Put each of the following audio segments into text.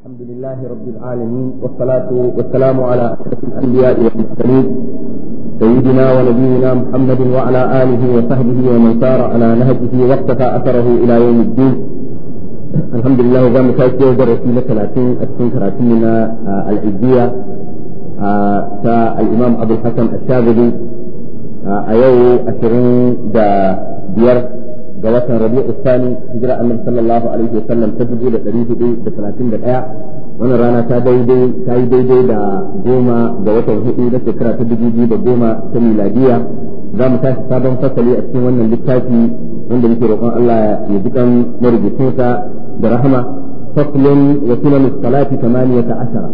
الحمد لله رب العالمين والصلاة والسلام على أشرف الأنبياء والمرسلين سيدنا ونبينا محمد وعلى آله وصحبه ومن سار على نهجه واقتفى أثره إلى يوم الدين الحمد لله وزام كايتي وزرسينا 30 أسفين 30 العزية الإمام أبو الحسن الشاذلي أيو أشرين دا بيرس ga watan rabi tsani hijira annabi sallallahu alaihi wasallam ta dubu da ɗari hudu da talatin da ɗaya wannan rana ta daidai ta yi daidai da goma ga watan hudu na shekara ta dubu biyu da goma ta miladiya za mu tashi sabon fasali a cikin wannan littafi wanda muke roƙon Allah ya ji kan sa da rahama faslun wa sunan salati tamaniyata ashara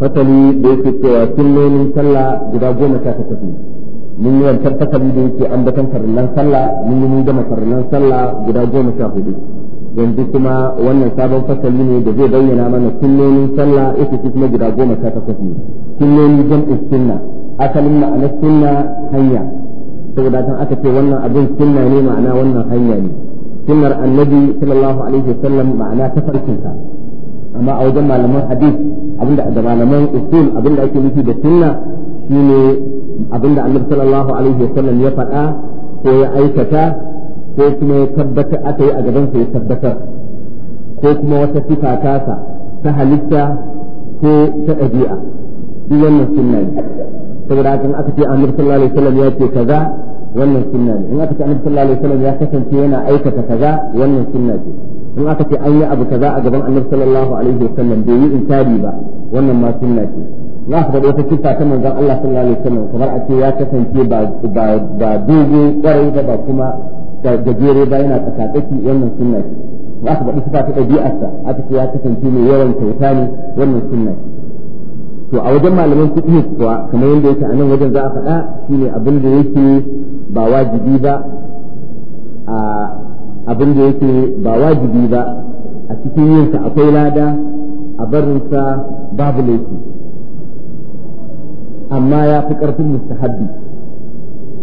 fasali da yake cewa sunnonin sallah guda goma sha takwas ne mun yi wancan takali da yake an batan farillan sallah mun yi mun gama farillan sallah guda goma sha hudu yanzu kuma wannan sabon fasali ne da zai bayyana mana sunnonin sallah yake su kuma guda goma sha takwas ne sunnoni jam'in sunna asalin ma'ana sunna hanya saboda kan aka ce wannan abin sunna ne ma'ana wannan hanya ne sunnar annabi sallallahu alaihi wasallam ma'ana tafarkinsa amma a wajen malaman hadith abinda da malaman usul abinda ake nufi da sunna shine abinda annabi sallallahu alaihi wasallam ya faɗa ko ya aikata ko kuma ya tabbata aka yi a gaban sa ya tabbatar ko kuma wata sifa tasa ta halitta ko ta ɗabi'a duk wannan sunna ne saboda haka in aka ce annabi sallallahu alaihi wasallam ya ce kaza wannan sunna ne in aka ce annabi sallallahu alaihi wasallam ya kasance yana aikata kaza wannan sunna ce in aka ce an yi abu kaza a gaban annabi sallallahu alaihi wasallam bai yi inkari ba wannan ma sunna ce za su faɗi ta kitta ta manzon Allah sallallahu alaihi wasallam kamar a ce ya kasance ba ba ba dogo kwarai da ba kuma gajere ba yana tsakatsaki wannan sunna ce za su faɗi sifa ta ɗabi'arsa aka ce ya kasance mai yawan kyauta ne wannan sunna ce to a wajen malaman kuɗi kuwa kamar yadda yake a nan wajen za a faɗa shine abin da yake ba wajibi ba a abin da yake ba wajibi ba a cikin yinsa akwai lada a barinsa babu laifi amma ya fi ƙarfin mustahabbi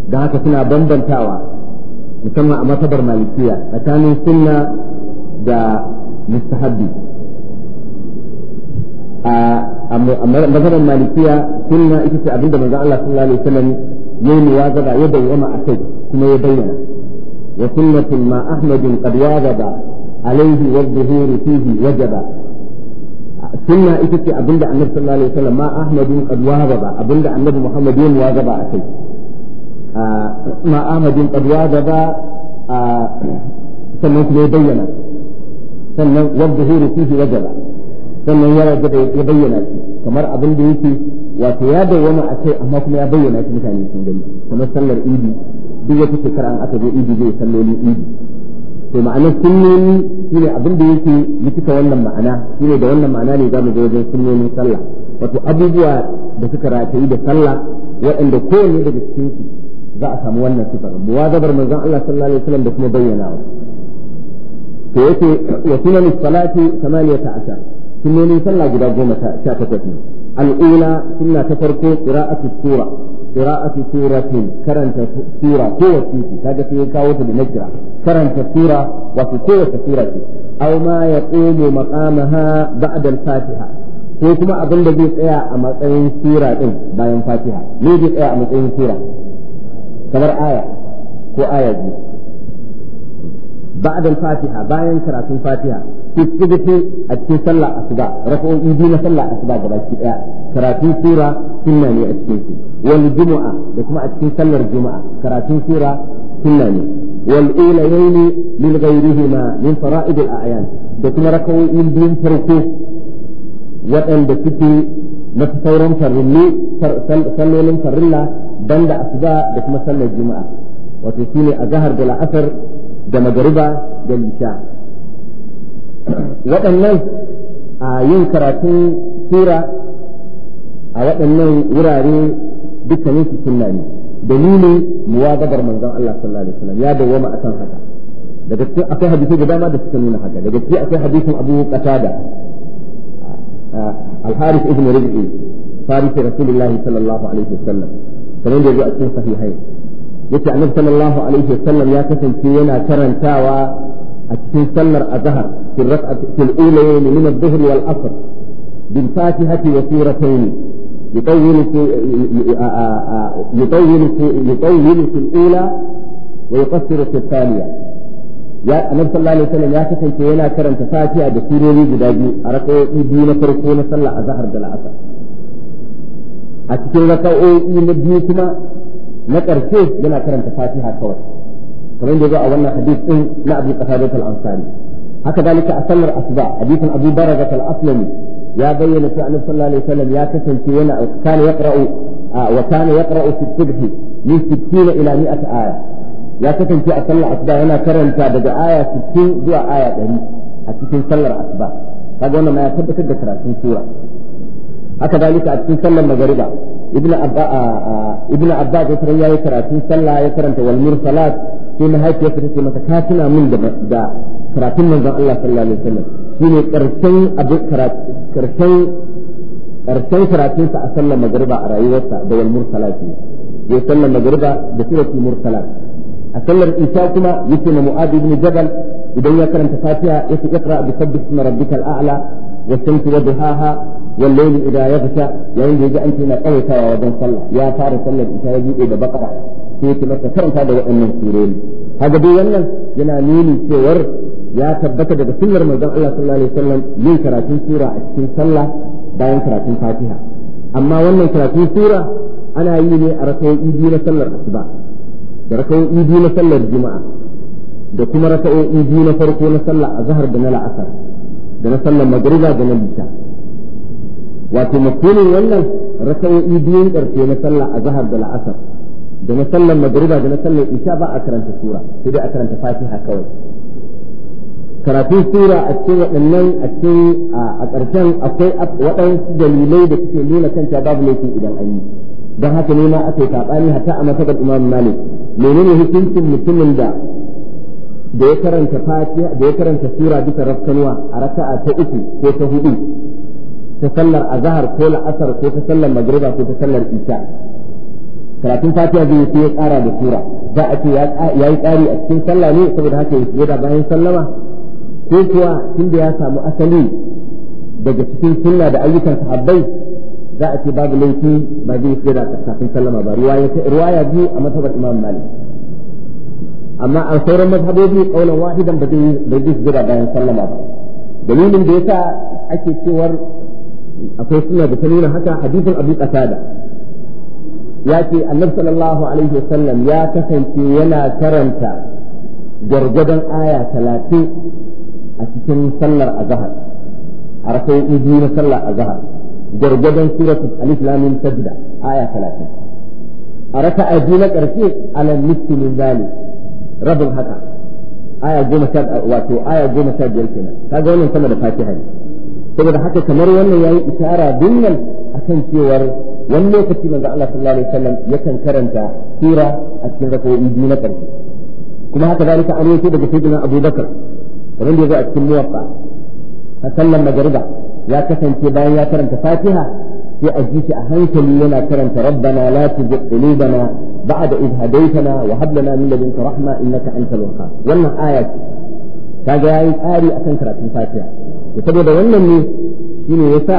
da haka suna bambantawa musamman a masabar malikiya tsakanin sunna da mustahabbi a masabar malikiya sunna ita ce abinda manzo Allah sallallahu alaihi wasallam ya gaba muwazaba ya bayyana a kai kuma ya bayyana wa sunnatul ma ahmadin qad wazaba alaihi wa dhuhuru fihi wajaba sunna ita ce abinda annabi sallallahu alaihi wasallam ma ahmadu qad wahaba abinda annabi muhammad ya muwazaba a kai ma ahmadu qad wahaba sannan kuma ya bayyana sannan wadda zai rufi wajaba sannan ya ya bayyana kamar wato ya bayyana a kai amma kuma ya bayyana shi mutane sun gani kuma sallar idi duk wata shekara an aka zo idi zai sallolin idi to ma'anar sunnoni shine abin da yake likita wannan ma'ana shine da wannan ma'ana ne zamu ga wajen sunnonin sallah wato abubuwa da suka ratayi da sallah waɗanda kowanne daga cikin su za a samu wannan sifar muwazabar manzon Allah sallallahu alaihi wasallam da kuma bayyanawa to yake wa sunan salati 18 sunnonin sallah guda 18 al-ula sunna ta farko qira'atu sura qira'atu suratin karanta sura ko wace kaga sai kawo ta da nakira karanta sura wato ko wace sura ce aw ma yaqumu maqamaha ba'da fatiha ko kuma abin da zai tsaya a matsayin sura din bayan fatiha ne zai tsaya a matsayin sura kamar aya ko aya biyu fatiha bayan karatun fatiha في أتي صلى أصبع رفعوا إيدينا صلى أصبع جباكي كراتين سورة سنة لي أتكيكي والجمعة لكما أتكي صلى الجمعة كراتين سورة سنة لي والأوليين من غيرهما من فرائض الأعيان لكما ركعوا إيدين فرقوه وأن بكتي نفسورهم فرلي صلوا لهم فرلا بند أصبع لكما صلى الجمعة وتسيني أزهر بالعصر دمجربة بالإشاء waɗannan a yin karatun sura a waɗannan wurare dukkanin su sunna ne dalilin muwazabar manzon Allah sallallahu alaihi wasallam ya dawwama akan haka daga cikin akwai hadisi da dama da suka nuna haka daga cikin akwai hadisin Abu Qatada al-Harith ibn Rabi'i farisi Rasulullahi sallallahu alaihi wasallam kamar da ya a cikin sahihai yace Annabi sallallahu alaihi wasallam ya kasance yana karantawa a cikin sallar azhar في الركعة في الأولين من الظهر والعصر بالفاتحة وسورتين يطول في يطول في يطول في الأولى ويقصر في الثانية يا النبي صلى الله عليه وسلم يا كسن كينا كرم تفاتيا بسوري جداجي أركو إبينا فرقونا صلى أزهر جلعسا أتكلم ركعوا إبينا إيه بيكما نكر كيف جنا كرم تفاتيها كور كمان جزاء أولنا حديث إن نعبد قتادة الأنصاري haka a sallar asuba hadisin Abu Baraka al-Aslami ya bayyana cewa a sallallahu alaihi wasallam ya kasance yana kana yaqra'u wa kana yaqra'u fi subhi min 60 ila 100 aya ya kasance a sallar asuba yana karanta daga aya 60 zuwa aya 100 a cikin sallar asuba kaga wannan ma ya tabbatar karatun sura haka a cikin sallar magariba ibnu da tare yayi karatun sallah ya karanta wal mursalat sai mahaifiyarsa ta ce mata ka min da karatun manzon Allah sallallahu alaihi wasallam shine karshen abu karshen karshen karatun sa a sallar magriba a rayuwarsa da wal ke ya sallar magriba da suratul mursala a sallar isha kuma yake na mu'adh ibn jabal idan ya karanta fatiha yake iqra bi sabbi ismi rabbikal a'la wa shamsi wa duhaha wal layli idha yaghsha yayin da yaji an ce na kawaitawa wajen sallah ya fara sallar isha ya bude da bakara sai ya karanta da waɗannan surori haka dai wannan yana nuni cewar ya tabbata daga sunnar manzon Allah sallallahu alaihi wasallam yin karatun sura a cikin sallah bayan karatun Fatiha amma wannan karatun sura ana yi ne a raka'o'i biyu na sallar asuba da raka'o'i biyu na sallar juma'a da kuma raka'o'i biyu na farko na sallar azhar da na la'asar da na sallar magriba da na isha wato mafhumin wannan raka'o'i biyun karfe na sallar azhar da la'asar da na sallar magriba da na sallar isha ba a karanta sura sai dai a karanta Fatiha kawai karatun sura a cikin waɗannan a cikin a ƙarshen akwai waɗansu dalilai da suke nuna kanta babu laifin idan an yi don haka ne ma aka yi saɓani hatta a masabar imam malik menene hukuncin mutumin da da ya karanta fatiha da ya karanta sura bisa rafkanwa a raka'a ta uku ko ta hudu ta sallar azhar ko la'asar ko ta sallar magriba ko ta sallar isha karatun fatiha zai sai ya ƙara da sura za a ce ya yi ƙari a cikin sallah ne saboda haka ya da bayan sallama ko kuwa tunda ya samu asali daga cikin sunna da ayyukan sahabbai za a ce babu laifi ba zai sai da kafin sallama ba riwaya biyu a matabar imam malik amma a sauran mazhabobi kaulan wahidan ba zai ba zai sujada bayan sallama ba dalilin da yasa ake cewar akwai sunna da ta nuna haka hadisin abu qatada ya ce annabi sallallahu alaihi wasallam ya kasance yana karanta gargadan aya talatin a cikin sallar azhar a rasai izi na sallar azhar gargadan suratul alif lam mim sajda aya 30 a raka'a biyu na karshe ala nisfi min zalik rabin haka aya goma sha wato aya goma sha biyar kenan kaga wannan sama da fatiha ne saboda haka kamar wannan yayi isara dinnan akan cewar wani lokaci manzo Allah sallallahu alaihi wasallam yakan karanta sura a cikin rakawoyi biyu na karshe kuma haka zalika an yi daga sayyidina Abu Bakar kamar da ya zo a cikin muwaffa a sallan magariba ya kasance bayan ya karanta fatiha sai a ji a hankali yana karanta rabbana la tuzigh qulubana ba'da idh hadaytana wa hab lana min ladunka rahma innaka antal wahhab wannan aya ce kaga yayi tsari akan karatun fatiha to saboda wannan ne shine yasa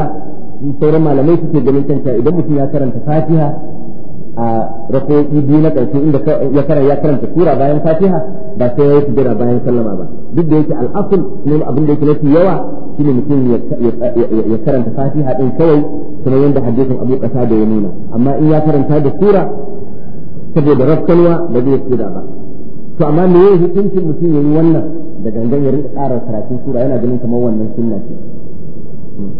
sauran malamai suke ganin kanta idan mutum ya karanta fatiha a rakoki biyu na ƙarshe inda ya karanta ya karanta sura bayan fatiha ba sai ya yi sujada bayan sallama ba duk da yake al'asul ne abin da yake nafi yawa shine mutum ya karanta fatiha din kawai kuma yanda hadisin abu ƙasa da ya nuna amma in ya karanta da sura saboda rafsalwa ba zai sujada ba to amma me yayi hukuncin mutum yayi wannan da gangan ya rinka ƙara karatun sura yana ganin kamar wannan sunna ce hmm.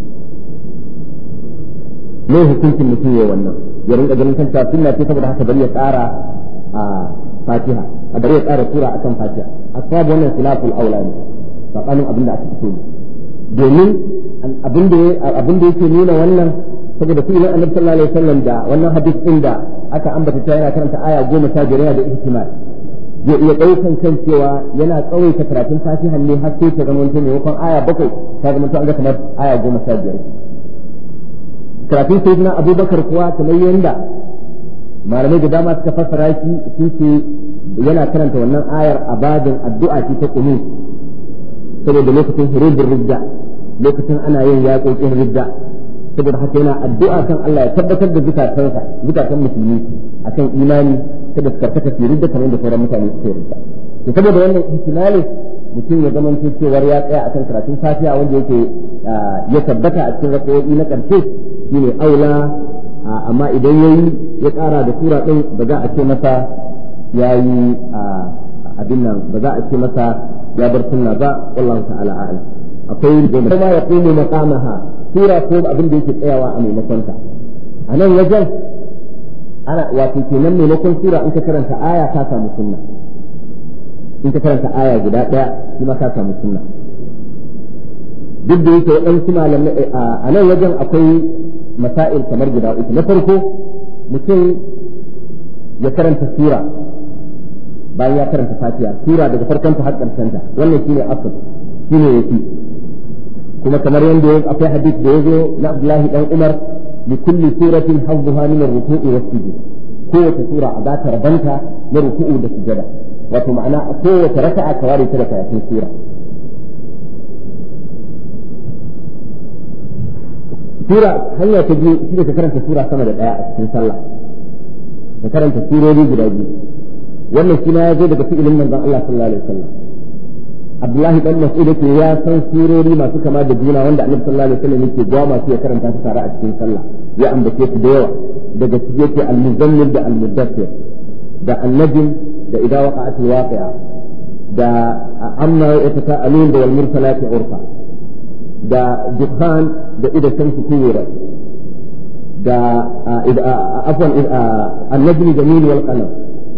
me hukuncin mutum yayi wannan ya rinka ganin kanta sunna ce saboda haka bari ya tsara a fatiha a bari ya tsara sura akan fatiha asbab wannan khilaful aula ne tsakanin abin da aka fito ne domin abin da abin da yake nuna wannan saboda su nan annabi sallallahu alaihi wasallam da wannan hadis din da aka ambata ta yana karanta aya goma sha biyar yana da ihtimal zai iya ɗaukan kan cewa yana tsawaita karatun fatihan ne har sai ta zama wani maimakon aya bakwai ta zama an ga kamar aya goma sha biyar karatun sayyidina abubakar kuwa kamar yanda malamai da dama suka fassara shi sun ce yana karanta wannan ayar a bajin addu'a shi ta kunu saboda lokacin hirubin ridda lokacin ana yin yaƙoƙin ridda saboda haka yana addu'a kan Allah ya tabbatar da zukatansa zukatan musulmi akan imani saboda suka karkata fi ridda kamar da sauran mutane suke ridda to saboda wannan ikilalin mutum ya zama cewar ya tsaya a kan karatun safiya wanda yake ah, ya tabbata a cikin rakoyi na shi shine aula ah, amma idan ya yi ya ƙara da sura ɗin ba za a ce masa ya yi ah, abin nan ba za a ce masa ya bar sunna ba wallahu ta'ala a'lam akwai da kuma ya kuma maqamaha sura ko abin da yake tsayawa a maimakon ta a nan wajen ana wato kenan maimakon sura in ka karanta aya ka samu sunna in ka karanta aya guda daya shi ma ka samu sunna duk da yake waɗansu malamai eh, a nan wajen akwai masail kamar guda uku na farko mutum ya karanta sura bayan ya karanta fatiha sura daga farkon ta har karshen ta wannan shine asal shine yafi kuma kamar yanda yake akwai hadith da yazo na Abdullahi dan Umar li kulli suratin hazzuha min ar-ruku'i was-sujud kowace sura a zata rabanta na ruku'u da sujada wato ma'ana kowace raka'a ka ware ta da kayafin sura sura hanya ta biyu shi ka karanta sura sama da daya a cikin sallah ka karanta surori guda biyu wannan shi na zo daga fi'ilin manzon Allah sallallahu alaihi wasallam Abdullahi dan Mas'ud yake ya san surori masu kama da juna wanda Annabi sallallahu alaihi wasallam yake gawa masu ya karanta su tare a cikin sallah ya ambace su da yawa daga su yake al-muzammil da al da da idza waqa'at alwaqi'a da amma yatasaalun da wal mursalati urfa da dukhan da idan shamsu kuwira da afwan an-najm jamil wal qalam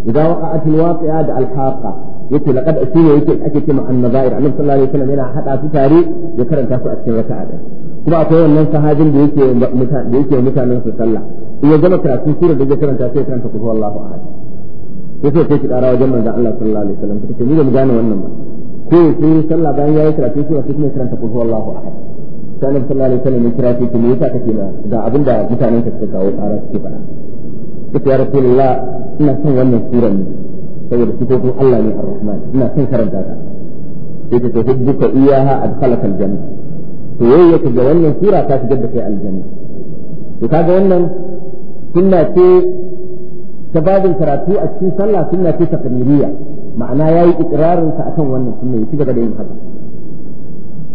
idza waqa'at alwaqi'a da alhaqa yace laqad asina yake ake cewa annabair annabi sallallahu alaihi wasallam yana hada su tare ya karanta su a cikin raka'a ɗaya kuma akwai wannan sahabin da yake da yake mutanen su sallah in ya gama karatu sura da ya karanta sai ya karanta kulhu Allahu ahad yace sai ki dara wajen manzon Allah sallallahu alaihi wasallam take ni da mu gane wannan ba ko sai sallah bayan yayi karatu sai wasu ne karanta ko Allahu ahad sai nabi sallallahu alaihi wasallam ya kira ki me yasa kake na da abinda mutane mutanen ka suka kawo kara suke fara kace ya rasulullah ina son wannan suran ne saboda ko Allah ne ar-rahman ina son karanta ta yace to hubbuka iyaha adkhalaka al-janna to yake da wannan sura ta shigar da kai aljanna to kaga wannan sunna ce ta babin karatu a cikin sallah sunna ce taqririyya ma'ana yayi ikrarin sa akan wannan sunna ya cigaba da yin haka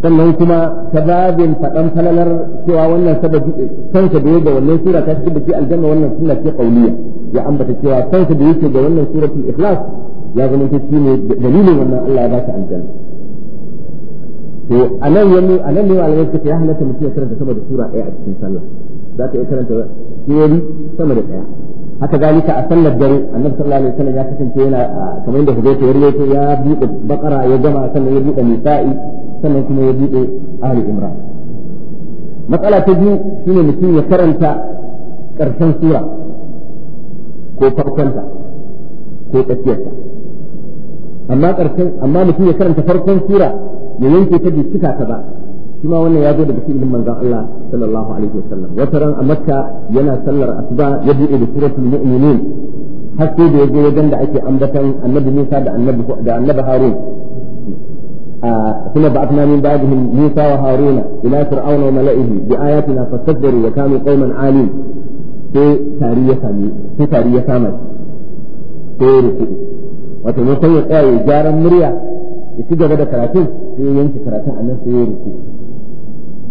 sannan kuma ta babin fadan falalar cewa wannan sababi kansa da yake wannan sura ta cikin da ke aljanna wannan sunna ce qauliyya ya ambata cewa kansa da yake da wannan suratul ikhlas ya zama ta shine dalilin wannan Allah ya ba ta aljanna to anan yanni anan ne malamai suka ya halatta mutum ya karanta sama da sura ɗaya a cikin sallah za ka iya karanta theory sama da ɗaya haka zalika a sallar dare annabi sallallahu alaihi wasallam ya kasance yana kamar yadda hudayta ya rawaito ya buɗe bakara ya gama sannan ya buɗe nisa'i sannan kuma ya buɗe ahli imran matsala ta biyu shine mutum ya karanta karshen sura ko farkonta ko tsakiyarta amma ƙarshen amma mutum ya karanta farkon sura ya yanke ta bai cika ta ba shi ma wannan ya zo daga fi'ilin manzon Allah sallallahu alaihi wasallam wata ran a Makka yana sallar asuba ya bude da suratul mu'minin har sai da yaje wajen da ake ambatan annabi Musa da annabi da annabi Harun ثم بعثنا من بعدهم موسى وهارون إلى فرعون وملئه بآياتنا wa kanu qauman 'alim sai tari ya sami sai tari ya kama sai ruku wato ne sai ya tsaya ya gyaran murya ya ci gaba da karatun sai ya yanke karatun a nan sai ya ruku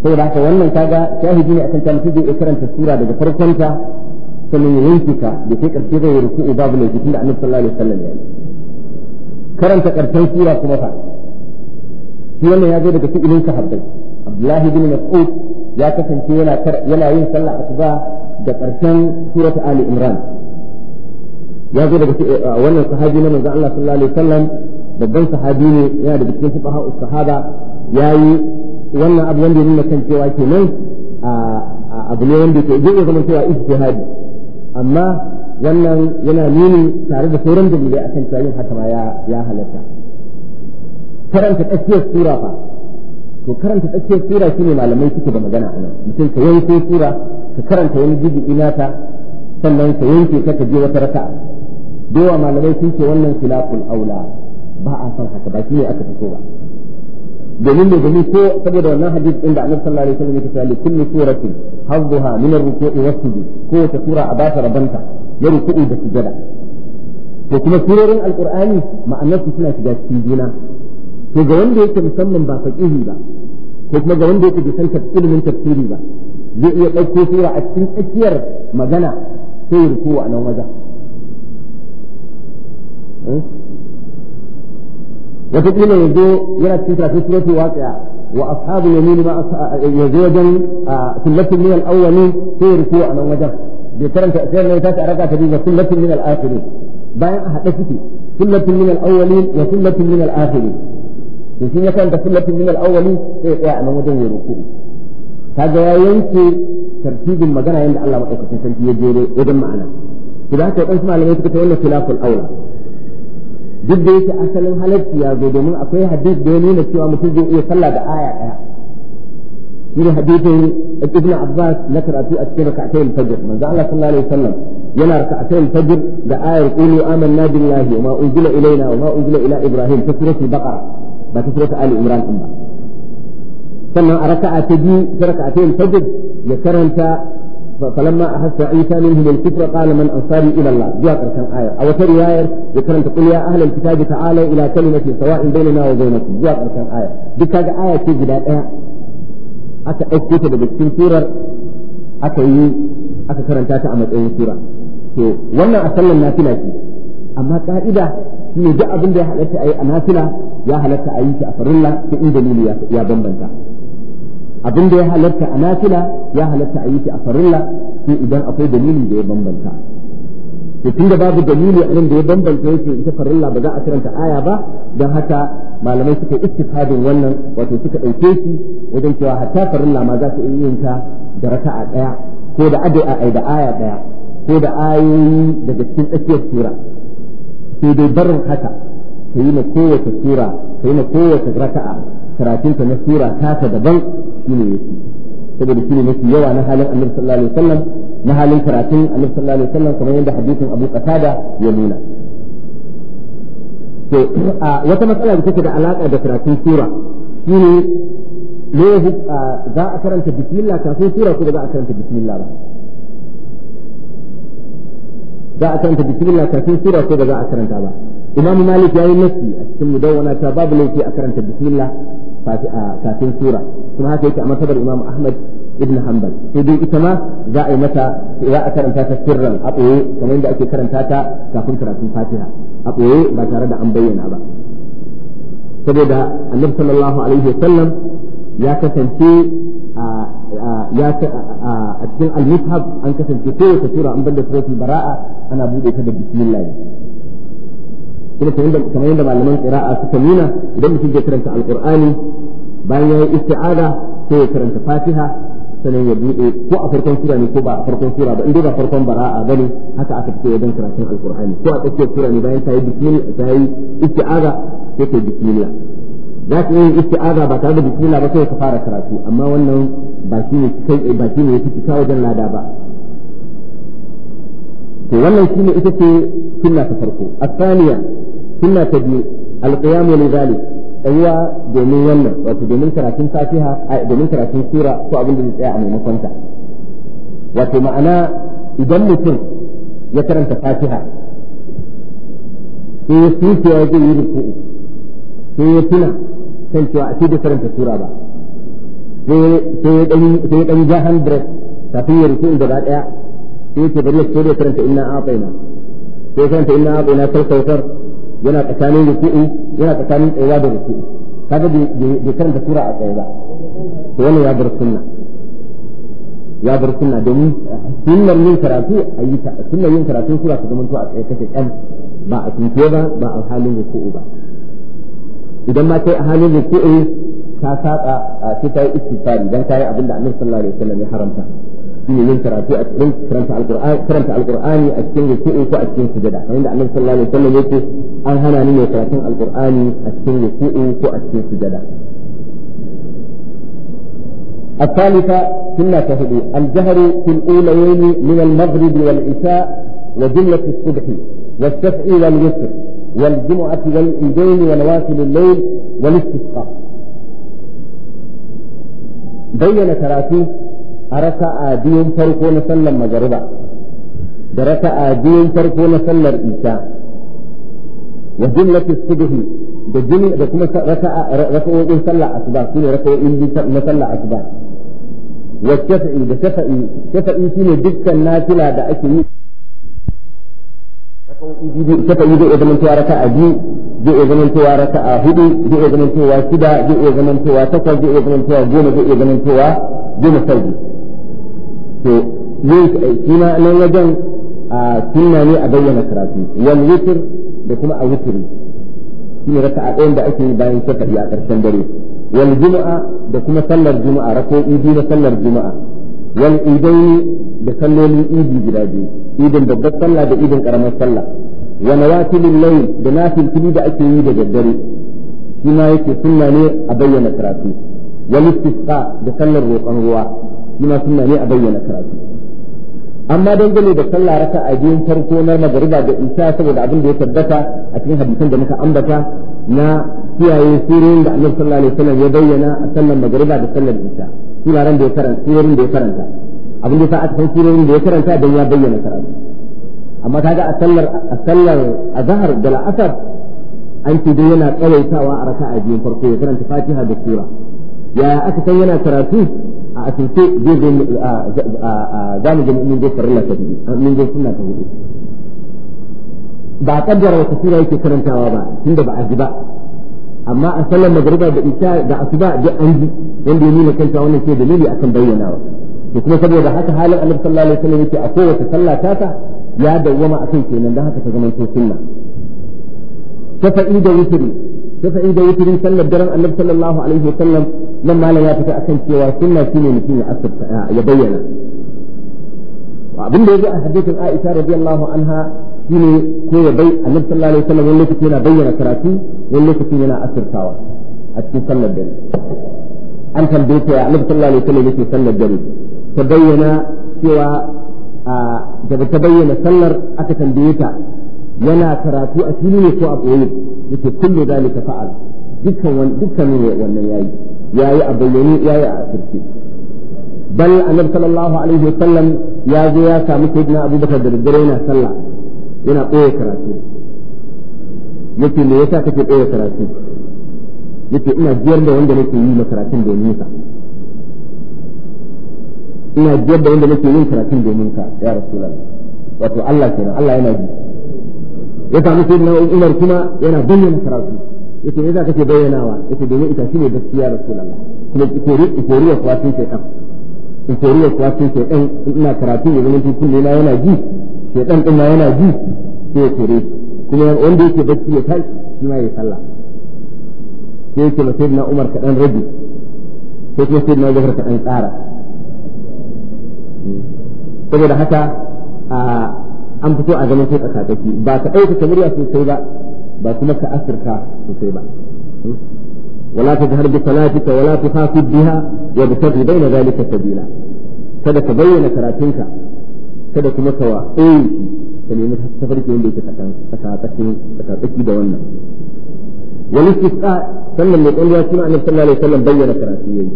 saboda haka wannan kaga shahidi ne akan cewa mutum zai karanta sura daga farkon ta sannan ya ta da sai karshe zai ruku'u babu ne jikin da annabi sallallahu alaihi wasallam ya karanta karshen sura kuma fa shi wannan ya zo daga fi'ilin sahabbai Abdullahi bin Mas'ud ya kasance yana yana yin sallah asuba da karshen surata Ali Imran ya zo daga wannan sahabi na manzon Allah sallallahu alaihi wasallam babban sahabi ne yana daga cikin fuqaha sahaba yi. wannan abu wanda ya nuna kan cewa kenan abu ne wanda ke zai zama cewa ijtihadi amma wannan yana nuni tare da sauran dalilai akan cewa yin haka ma ya halatta karanta tsakiyar sura fa to karanta tsakiyar sura shine malamai suke da magana nan, mutum ka yanke sura ka karanta wani jibi nata sannan ka yanke ka je wata raka'a da malamai sun ce wannan khilaful aula ba a san haka ba shine aka fito ba domin ne domin ko saboda wannan hadith din da Annabi sallallahu alaihi wasallam yake cewa kullu suratin hazzuha min ar-ruku'i was ko ta sura a ba ta rabanta na ruku'i da sujada to kuma surorin alqur'ani ma'anarsu suna shiga cikin to ga wanda yake musamman ba faqihi ba ko kuma ga wanda yake da san ilimin tafsiri ba zai iya ɗauko sura a cikin tsakiyar magana sai a nan wataƙila ya zo yana cikin kafin suratul waqi'a wa ashabul yamin ma ya zo wajen sullatul min al-awwalin sai ya rufuwa a nan wajen bai karanta sai ne ta araka ta bi sullatul min al-akhirin bayan a hada suke sullatul min al-awwalin wa sullatul min al-akhirin to shi ya karanta sullatul min al-awwalin sai ya tsaya a nan wajen ya rufu kaga ya yanke tartibin magana yadda Allah madaukakin sarki ya jere wajen ma'ana to da haka wadansu malamai suka ta wannan khilaful aula duk da yake asalin halarci ya zo domin akwai hadis da ya nuna cewa mutum zai iya sallah da aya daya shine hadisin ibn abbas na karatu a cikin rak'atayn fajr manzo Allah sallallahu alaihi wasallam yana rak'atayn fajr da ayar qulu amanna billahi wa ma unzila ilaina wa ma unzila ila ibrahim ta suratul baqara ba ta suratul ali imran din ba sannan a raka'a ta biyu ta rak'atayn fajr ya karanta فلما أحس عيسى منهم الكفر قال من أنصاري إلى الله جاء كان آية أو رواية ذكرنا تقول يا أهل الكتاب تعالوا إلى كلمة سواء بيننا وبينكم جاء كان آية بكاد آية تجد آية أتى أكتب بكتب سورة أتى يي أتى كرنتا تعمل أي سورة to wannan a sallan nafila ce amma ka'ida shi ne duk abin da ya halatta a yi a nafila ya halatta a yi shi a farilla ta in dalili ya bambanta abin da ya halatta a nafila ya halatta a yi shi a farilla ko idan akwai dalili da ya bambanta to da babu dalili a nan da ya bambanta yake ita farilla ba za a karanta aya ba don haka malamai suka ittifadin wannan wato suka ɗauke shi wajen cewa hatta farilla ma za ta iya yin ta da raka'a ɗaya ko da adai a da aya ɗaya ko da ayoyi daga cikin tsakiyar sura sai dai barin haka ka yi na kowace sura ka yi na kowace raka'a karatunsa na sura tasa daban shi shine yafi saboda shi shine mafi yawa na halin annabi sallallahu alaihi wasallam na halin karatun annabi sallallahu alaihi wasallam kamar yadda hadisin Abu Qatada ya nuna to a wata matsala da take da alaka da karatun sura shi ne za a karanta bismillah kafin sura ko za a karanta bismillah ba za a karanta bismillah kafin sura ko ba za a karanta ba imamu malik yayi nasi a cikin mudawwana ta babu laifi a karanta bismillah Ah, kafin sura kuma haka yake a masabar Imam Ahmad ibn Hanbal sai dai ita ma za a yi mata za a karanta ta sirran a ɓoye kamar yadda ake karanta ta kafin karatun Fatiha a ɓoye ba tare da an bayyana ba saboda Annabi sallallahu alaihi wasallam ya kasance a cikin al an kasance kowace sura an banda suratul bara'a ana buɗe ta da bismillah kuma kamar yadda malaman qira'a suka nuna idan mutum zai karanta alqur'ani bayan ya yayi isti'ada sai ya karanta fatiha sanin ya bude ko a farkon sura ne ko ba a farkon sura ba inda ba farkon bara'a bane haka aka fito wajen karatun alqur'ani ko a tsakiyar sura ne bayan tayi yi tayi isti'ada sai ta yi bismillah za ka yi isti'aza ba tare da bismillah ba sai ka fara karatu amma wannan ba shi ne ba shi ne yake cika wajen lada ba to wannan shine ita ce sunna ta farko asaniya sunna ta biyu alqiyam li zalik domin wannan wato domin karatun fatiha domin karatun sura ko abin da zai a maimakon ta wato ma'ana idan mutum ya karanta fatiha sai ya suke ya zai yi ruku'u sai ya tuna kan cewa a ce da karanta sura ba sai ya kafin ruku'u gaba daya sai bari su fito karanta inna a'taina sai karanta inna a'taina sai kautar yana tsakanin ruku'u yana tsakanin tsayawa da ruku'u kaga bai karanta sura a tsaya ba to wannan ya bar sunna ya bar sunna domin sunnar yin karatu ayyuka sunnar yin karatu sura ta zamanto a tsaye kake kan ba a tuntuwa ba ba a halin ruku'u ba idan ma kai a halin ruku'u ka saba sai ta yi istifari dan kai abinda Annabi sallallahu alaihi wasallam ya haramta الدين من ترافع ترم ترم القرآن ترم القرآن أشين الفؤوس أشين سجدة عند أن صلى الله عليه وسلم يقول أهنا من ترافع القرآن أشين الفؤوس أشين سجدة الثالثة سنة تهدي الجهر في الأولين من المغرب والعشاء وجملة الصبح والشفع والوتر والجمعة والإيدين ونواصل الليل والاستسقاء بين تراتيب a raka'a biyun farko na sallar magariba da raka'a biyun farko na sallar isha wa jumlatu subhi da jini da kuma raka'a raka'o'in sallar asuba su sune raka'o'in na sallar asuba wa shafa'i da shafa'i shafa'i ne dukkan nafila da ake yi shafa'i zai iya zamantowa raka'a biyu zai iya zamantowa raka'a hudu zai iya zamantowa shida zai iya zamantowa takwas zai iya zamantowa goma zai iya zamantowa goma sau biyu to yin kima nan wajen a sunna ne a bayyana karatu wal witr da kuma a witri shine ɗayan da ake yi bayan shafa'i a ƙarshen dare wal juma'a da kuma sallar juma'a rako'i biyu na sallar jumu'a wal idaini da sallolin idi guda biyu idin babbar sallah da idin karamar sallah wa nawatilul layl da nafil da ake yi da daddare shi ma yake sunna ne a bayyana karatu wal istisqa da sallar roƙon ruwa shi ma sunna ne a bayyana karatu amma dangane da sallah raka a biyun farko na magariba da isha saboda abin da ya tabbata a cikin hadisan da muka ambata na kiyaye surorin da annabi sallallahu alaihi wasallam ya bayyana a sallar magariba da sallar isha suraren da ya karanta surorin da ya karanta abin da ya sa aka san surorin da ya karanta don ya bayyana karatu amma kaga a sallar a sallar azhar da la'asar an ce dai yana tsawaitawa a raka'a biyun farko ya karanta fatiha da sura ya aka san yana karatu a asirce zai zo za mu gani mun mu farilla ta biyu ta hudu ba wata yake karantawa ba tunda ba a ji ba amma a sallar magariba da isa da asuba da an ji wanda ya nuna kanta wannan ke dalili akan bayyanawa to kuma saboda haka halin annabi sallallahu alaihi wasallam yake a kowace sallah ta ta ya dawwama akan kenan dan haka ta zama sunna ta fa'ida wutri shafa'i da wutirin sallar daren annabi sallallahu alaihi wasallam nan malam ya fita akan cewa sunna shine mutum ya asirta ya bayyana wa abin da yazo a hadisin Aisha radiyallahu anha shine ko ya bai annabi sallallahu alaihi wasallam wani lokaci yana bayyana karatu wani lokaci yana asirtawa a cikin sallar dare an tambaye ta annabi sallallahu alaihi wasallam yake sallar dare ta bayyana cewa a daga ta bayyana sallar aka tambaye ta yana karatu a fili ne ko a ɓoye yake kullu zalika fa'al dukkan wani dukkan wannan yayi yayi a bayyane yayi a asirce bal annabi sallallahu alaihi wasallam ya zo ya samu sayyidina abubakar da daddare yana sallah yana ɓoye karatu yake me yasa kake ɓoye karatu yake ina jiyar da wanda nake yi karatun domin sa ina jiyar da wanda nake yin karatun domin ka ya rasulullah wato Allah kenan Allah yana ji ya samu sai na umar kuma yana bayyana karatu yace me za ka ce bayyanawa yace domin ita shine gaskiya rasulullah kuma ikori ikori ya kwatin shaytan ikori ya kwatin shaytan ina karatu ya na yana ji shaytan din yana ji sai ya kore kuma wanda yake bacci ya tashi shi ma ya sallah sai yake sai na umar kadan rabi sai kuma sai na zakar kadan tsara saboda haka a an fito a zaman ko tsakatsaki ba ka ɗauka ɗaukaka murya sosai ba ba kuma ka asirka sosai ba wala ولا تجهر بصلاتك ولا تخافت بها وابتغ بين ذلك سبيلا kada ka bayyana karatunka kada kuma ka wa eh ka nemi tafarki wanda yake tsakatsaki tsakatsaki da wannan wani istisqa sannan mai kwalliya shi ma'anar sallallahu alaihi wasallam bayyana karatu yayi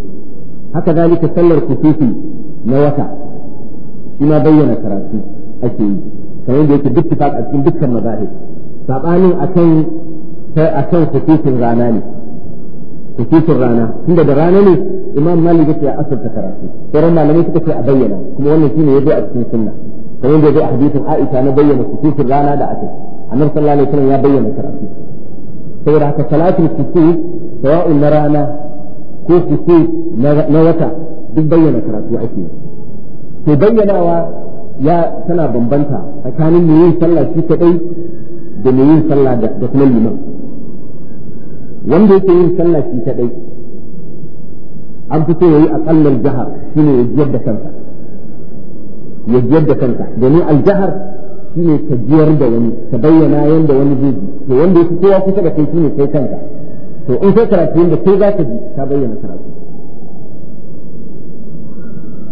haka zalika sallar kusufi na wata shi ma bayyana karatu ake yi kamar da yake duk a cikin dukkan mazahib saɓanin akan akan hukuncin rana ne hukuncin rana tunda da rana ne imam malik yake ya asarta karatu sauran malamai suka ce a bayyana kuma wannan shine yazo a cikin sunna kamar da yazo a hadisin aisha na bayyana hukuncin rana da aka annabi sallallahu alaihi wasallam ya bayyana karatu saboda haka salatul kusuf sawa'un na rana ko kusuf na wata duk bayyana karatu ake to bayyanawa ya tana bambanta tsakanin mai yin sallah shi kadai da mai yin sallah da kuma liman wanda yake yin sallah shi kadai an fito yayi aqallal jahar shine ya jiyar da kanka ya jiyar da kanka domin aljahar shine ka jiyar da wani ta bayyana yanda wani zai ji to wanda yake kowa kusa da kai shine kai kanka to in kai karatu yanda kai za ka ji ka bayyana karatu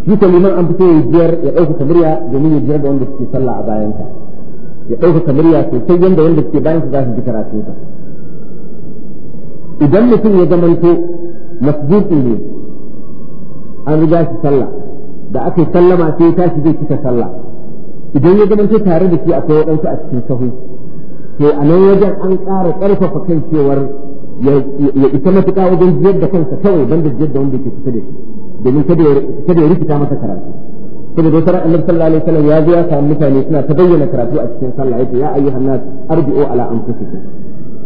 duka liman an fito ya biyar ya ɗaukaka murya domin ya biyar da wanda suke sallah a bayansa ya ɗaukaka murya sosai yadda wanda suke bayansa za su ji karatunsa idan mutum ya zamanto masjidi ne an riga shi sallah da aka yi sallama sai ya tashi zai cika sallah idan ya zamanto tare da shi akwai waɗansu a cikin sahu to a nan wajen an ƙara ƙarfafa kan cewar ya isa matuƙa wajen jiyar da kansa kawai ban jiyar da wanda ke kusa da shi domin kada ya rikita masa karatu saboda wata ran annabi sallallahu alaihi wasallam ya zo ya samu mutane suna ta bayyana karatu a cikin sallah yace ya ayyuhan nas arbi'u ala anfusikum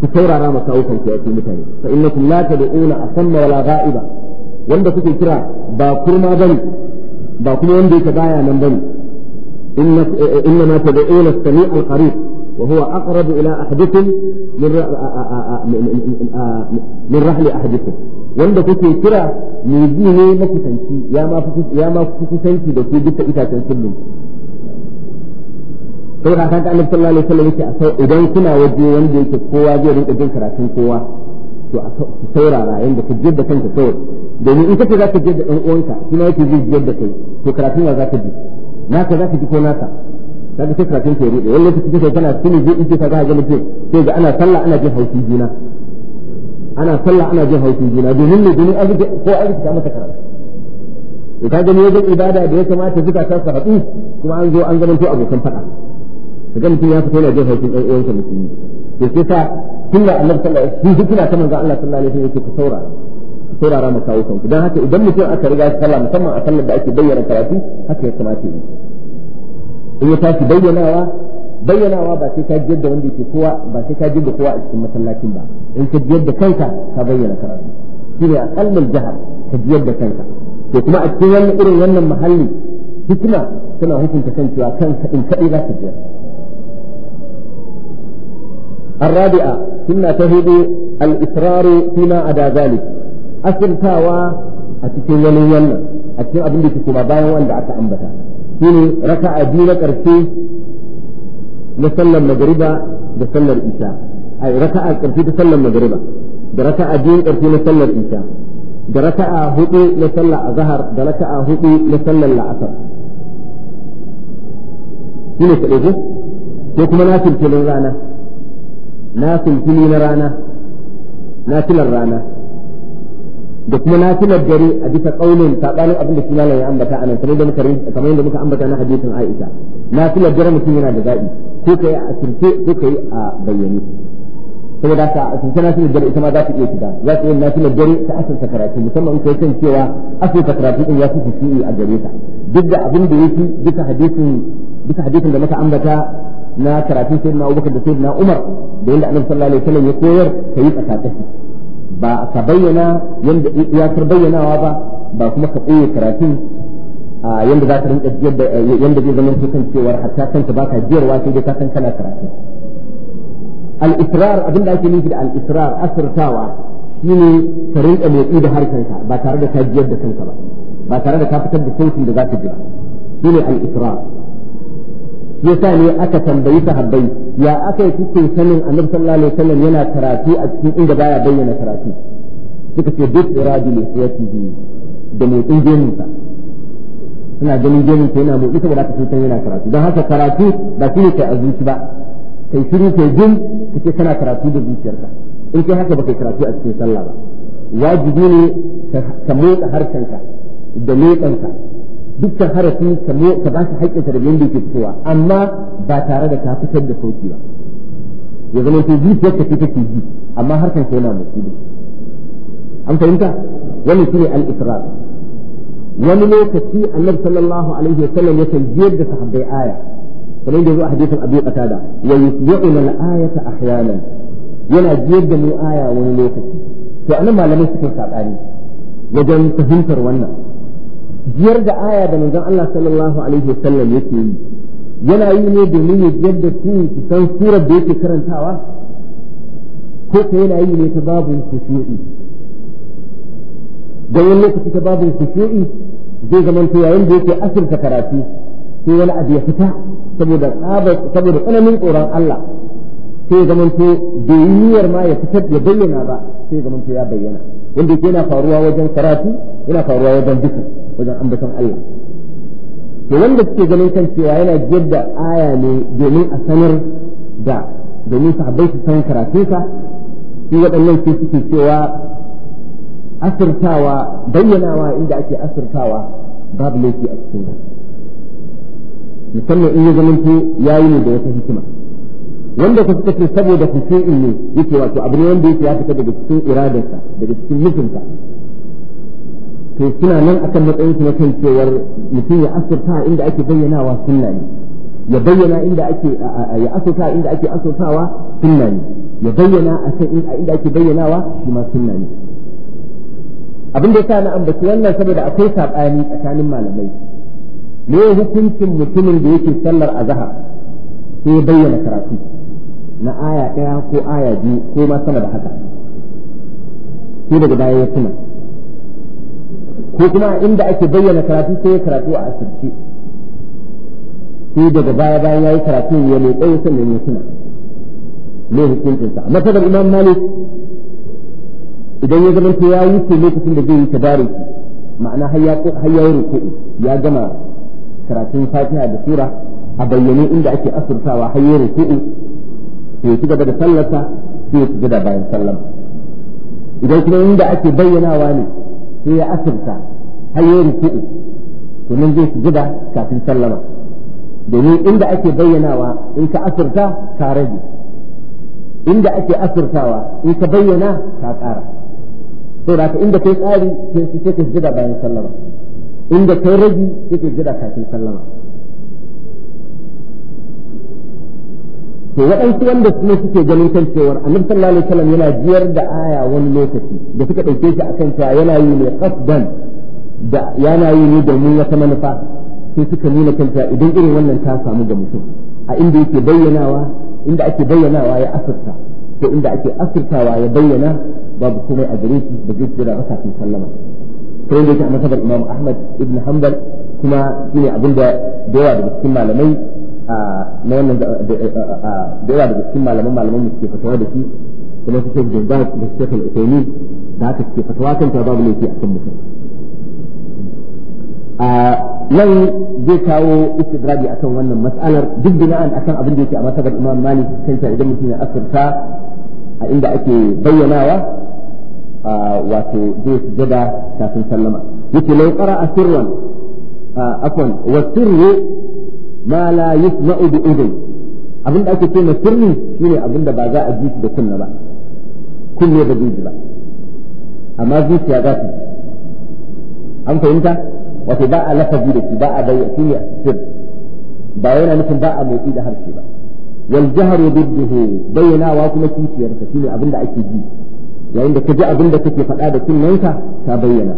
ku saurara ma kawukan ku yace mutane fa innakum la tad'una asamma wala ghaiba wanda kuke kira ba kurma bane ba kuma wanda yake baya nan bane inna ma tad'una as-sami'a al-qarib وهو أقرب إلى أحدكم من من رحل أحدكم wanda kuke kira mai ji ne makusanci ya ma fi kusanci da ke duka itacen sirrin sai ka kanta annabi sallallahu alaihi wasallam yake a idan kuna waje wanda yake kowa zai rinka jin karatun kowa to a saurara yanda ka jiyar da kanka kawai domin in kace za ka jiyar da ɗan uwanka shi ma yake jiyar da kai to karatun wa za ka ji naka za ka ji ko naka ka sai karatun ka ya rube wani kuke kana cikin zai in ka ga ga mutum sai ga ana sallah ana jin haushi juna ana sallah ana jin haushin juna domin ne domin ko arziki mata karatu to ka gani wajen ibada da ya kamata zuka ta su haɗu kuma an zo an zamanto abokan faɗa ka ga mutum ya fito yana jin haushin ɗan uwansa musulmi to sai sa tunda annabi sallallahu alaihi wasallam kuna ta manzo Allah sallallahu alaihi wasallam yake ku saurara ku saurara mu kawo kanku dan haka idan mutum aka riga sallah musamman a sallar da ake bayyana karatu haka ya kamata yi in ya tashi bayyanawa bayyanawa ba sai ka jiyar da wanda yake kowa ba sai ka jiyar da kowa a cikin masallacin ba in ka jiyar da kanka ka bayyana karatu shi ne aƙallar jihar ka jiyar da kanka to kuma a cikin wannan irin wannan muhalli hikima tana hukunta kan cewa kanka in kaɗai za ka jiyar الرابعة سنة تهدي الإصرار فيما أدى ذلك أسر تاوى أتكين ولي يلا أتكين أبن بيكي كما بايا وأن دعك أنبتا سيني ركع دينك أرسيه na sallar magariba da sallar isha a raka'a ƙarfi ta sallar magariba da raka'a biyun ƙarfi na sallar isha da raka'a hudu na sallar azhar da raka'a hudu na sallar la'asar shi ne kaɗai ko kuma na filfilin rana na filfili na rana na filar rana da kuma na filar dare a bisa ƙaunin saɓanin abin da shi malam ya ambata a nan kamar yadda muka ambata na hadisin Aisha na filar dare mutum yana da zaɓi ko kai a asirce ko kai a bayyane saboda ka asirce na sunan dare ita ma za ta iya shiga za ta yi na sunan dare ta ta karatu musamman kai san cewa ta karatu din ya fi shi a gare ta duk da abin da yake duka hadisin duka hadisin da muka ambata na karatun na Abubakar da na Umar da yanda Annabi sallallahu alaihi wasallam ya koyar yi tsakatsaki ba ka bayyana yanda iyakar bayyanawa ba ba kuma ka ɓoye karatun yanda za ka rinka yadda yanda zai zama to kan cewa hatta ka baka jiyarwa sai dai ka san kana karatu al-israr abinda ake nufi da al-israr asirtawa shine ka rinka motsi da harkanka ba tare da ka jiyar da kanka ba ba tare da ka fitar da sautin da za ka ji ba shine al-israr yasa ne aka tambayi sahabbai ya aka yi kuke sanin annabi sallallahu alaihi wasallam yana karatu a cikin inda baya bayyana karatu suka ce duk iradi ne sai ya da motsin jeninsa suna ganin gemin ta yana motsi saboda ka san yana karatu don haka karatu ba shi ne kai a zuci ba kai shiru kai jin kace kana karatu da zuciyarka in kai haka ba kai karatu a cikin sallah ba wajibi ne ka motsa harshenka da motsanka dukkan harafi ka ba shi haƙƙinsa da yadda yake fitowa amma ba tare da ka fitar da sauki ba ya zama ta zuciyar ka take ji amma harkan yana motsi da an fahimta wani shine al-israr wani lokaci annabi sallallahu alaihi wa sallam ya tanjiyar da sahabbai aya kamar yadda zuwa hadisin abu qatada wa yusbi'u lal ayata ahyana yana jiyar da mu aya wani lokaci to anan malamai suka sabani wajen fahimtar wannan jiyar da aya da manzon Allah sallallahu alaihi wa sallam yake yi yana yi ne domin ya jiyar da su su san surar da yake karantawa ko ko yana yi ne ta babu khushu'i da wani lokaci ta babu khushu'i zai zama to yayin da yake asirta karatu sai wani abu ya fita saboda saboda tsananin tsoron Allah sai zama to bai yi niyyar ma ya fitar ya bayyana ba sai zama to ya bayyana wanda yake yana faruwa wajen karatu yana faruwa wajen duka wajen ambaton Allah to wanda suke ganin kan cewa yana jiyar da aya ne domin a sanar da domin sahabbai su san karatunsa shi waɗannan sai suke cewa asirtawa bayyanawa inda ake asirtawa babu laifi a cikin nan musamman in ya zamanto ya yi ne da wata hikima wanda ka suka ce saboda kushu'in ne yake wato abu ne wanda yake ya fita daga cikin iradarsa daga cikin nufinsa to suna nan akan matsayin su na kan cewar mutum ya asirta inda ake bayyanawa sunna ne ya bayyana inda ake ya asirta inda ake asirtawa sunna ne ya bayyana a inda ake bayyanawa shi ma sunna ne abin da yasa na ambaci wannan saboda akwai sabani tsakanin malamai me hukuncin mutumin da yake sallar azhar sai bayyana karatu na aya ɗaya ko aya biyu ko ma sama da haka sai daga baya ya tuna ko kuma inda ake bayyana karatu sai ya karatu a asirce sai daga baya bayan ya yi karatu ya leƙa ya sanya ya tuna me hukuncinsa masabar imam malik idan ya zama ya yi ce lokacin da zai yi tabariki ma'ana har ya ruku'u ya gama karatun fatiha da sura a bayyane inda ake asurtawa har ya ruku'u to ya ci gaba da sallarsa sai ya sujada bayan sallama idan kuma inda ake bayyanawa ne sai ya asurta har ya ruku'u to nan zai sujada kafin sallama domin inda ake bayyanawa in ka asurta ka rage inda ake asurtawa in ka bayyana ka ƙara sai da inda kai tsari sai ka jira bayan sallama inda kai ragi sai ka jira kafin sallama to waɗansu wanda ne suke ganin kan cewar annabi sallallahu alaihi wasallam yana jiyar da aya wani lokaci da suka ɗauke shi akan cewa yana yi ne qasdan da yana yi ne domin wata manufa sai suka nuna kan cewa idan irin wannan ta samu ga mutum a inda yake bayyanawa inda ake bayyanawa ya asirta ko inda ake asirtawa ya bayyana babu komai a gare shi da zai da ba sun sallama sai da ta masabar imam ahmad ibn hanbal kuma shine abin da da yawa daga cikin malamai na wannan da yawa daga cikin malaman malaman mu suke fatawa da shi kuma su shek jambaz da su shek al'usaini da haka suke fatawa kan ta babu laifi a kan mutum nan zai kawo istidrabi akan wannan mas'alar duk bina'an akan abin da yake a masabar imam malik kanta idan mutum ya asirta a inda ake bayyanawa wato zai sujada kafin sallama yake lau qara asirran afwan wa sirru ma la yusma'u bi idin abinda ake ce na sirri shine abinda ba za a ji da kunna ba kunne ba zai ji ba amma zuciya za ta an fahimta wato ba a lafazi da shi ba a bayyana shine sirri ba yana nufin ba a motsi da harshe ba wal jahru biddihi bayyanawa kuma kishiyarsa shine abin da ake ji yayin da ka ji abin da kake faɗa da kunnanka ka bayyana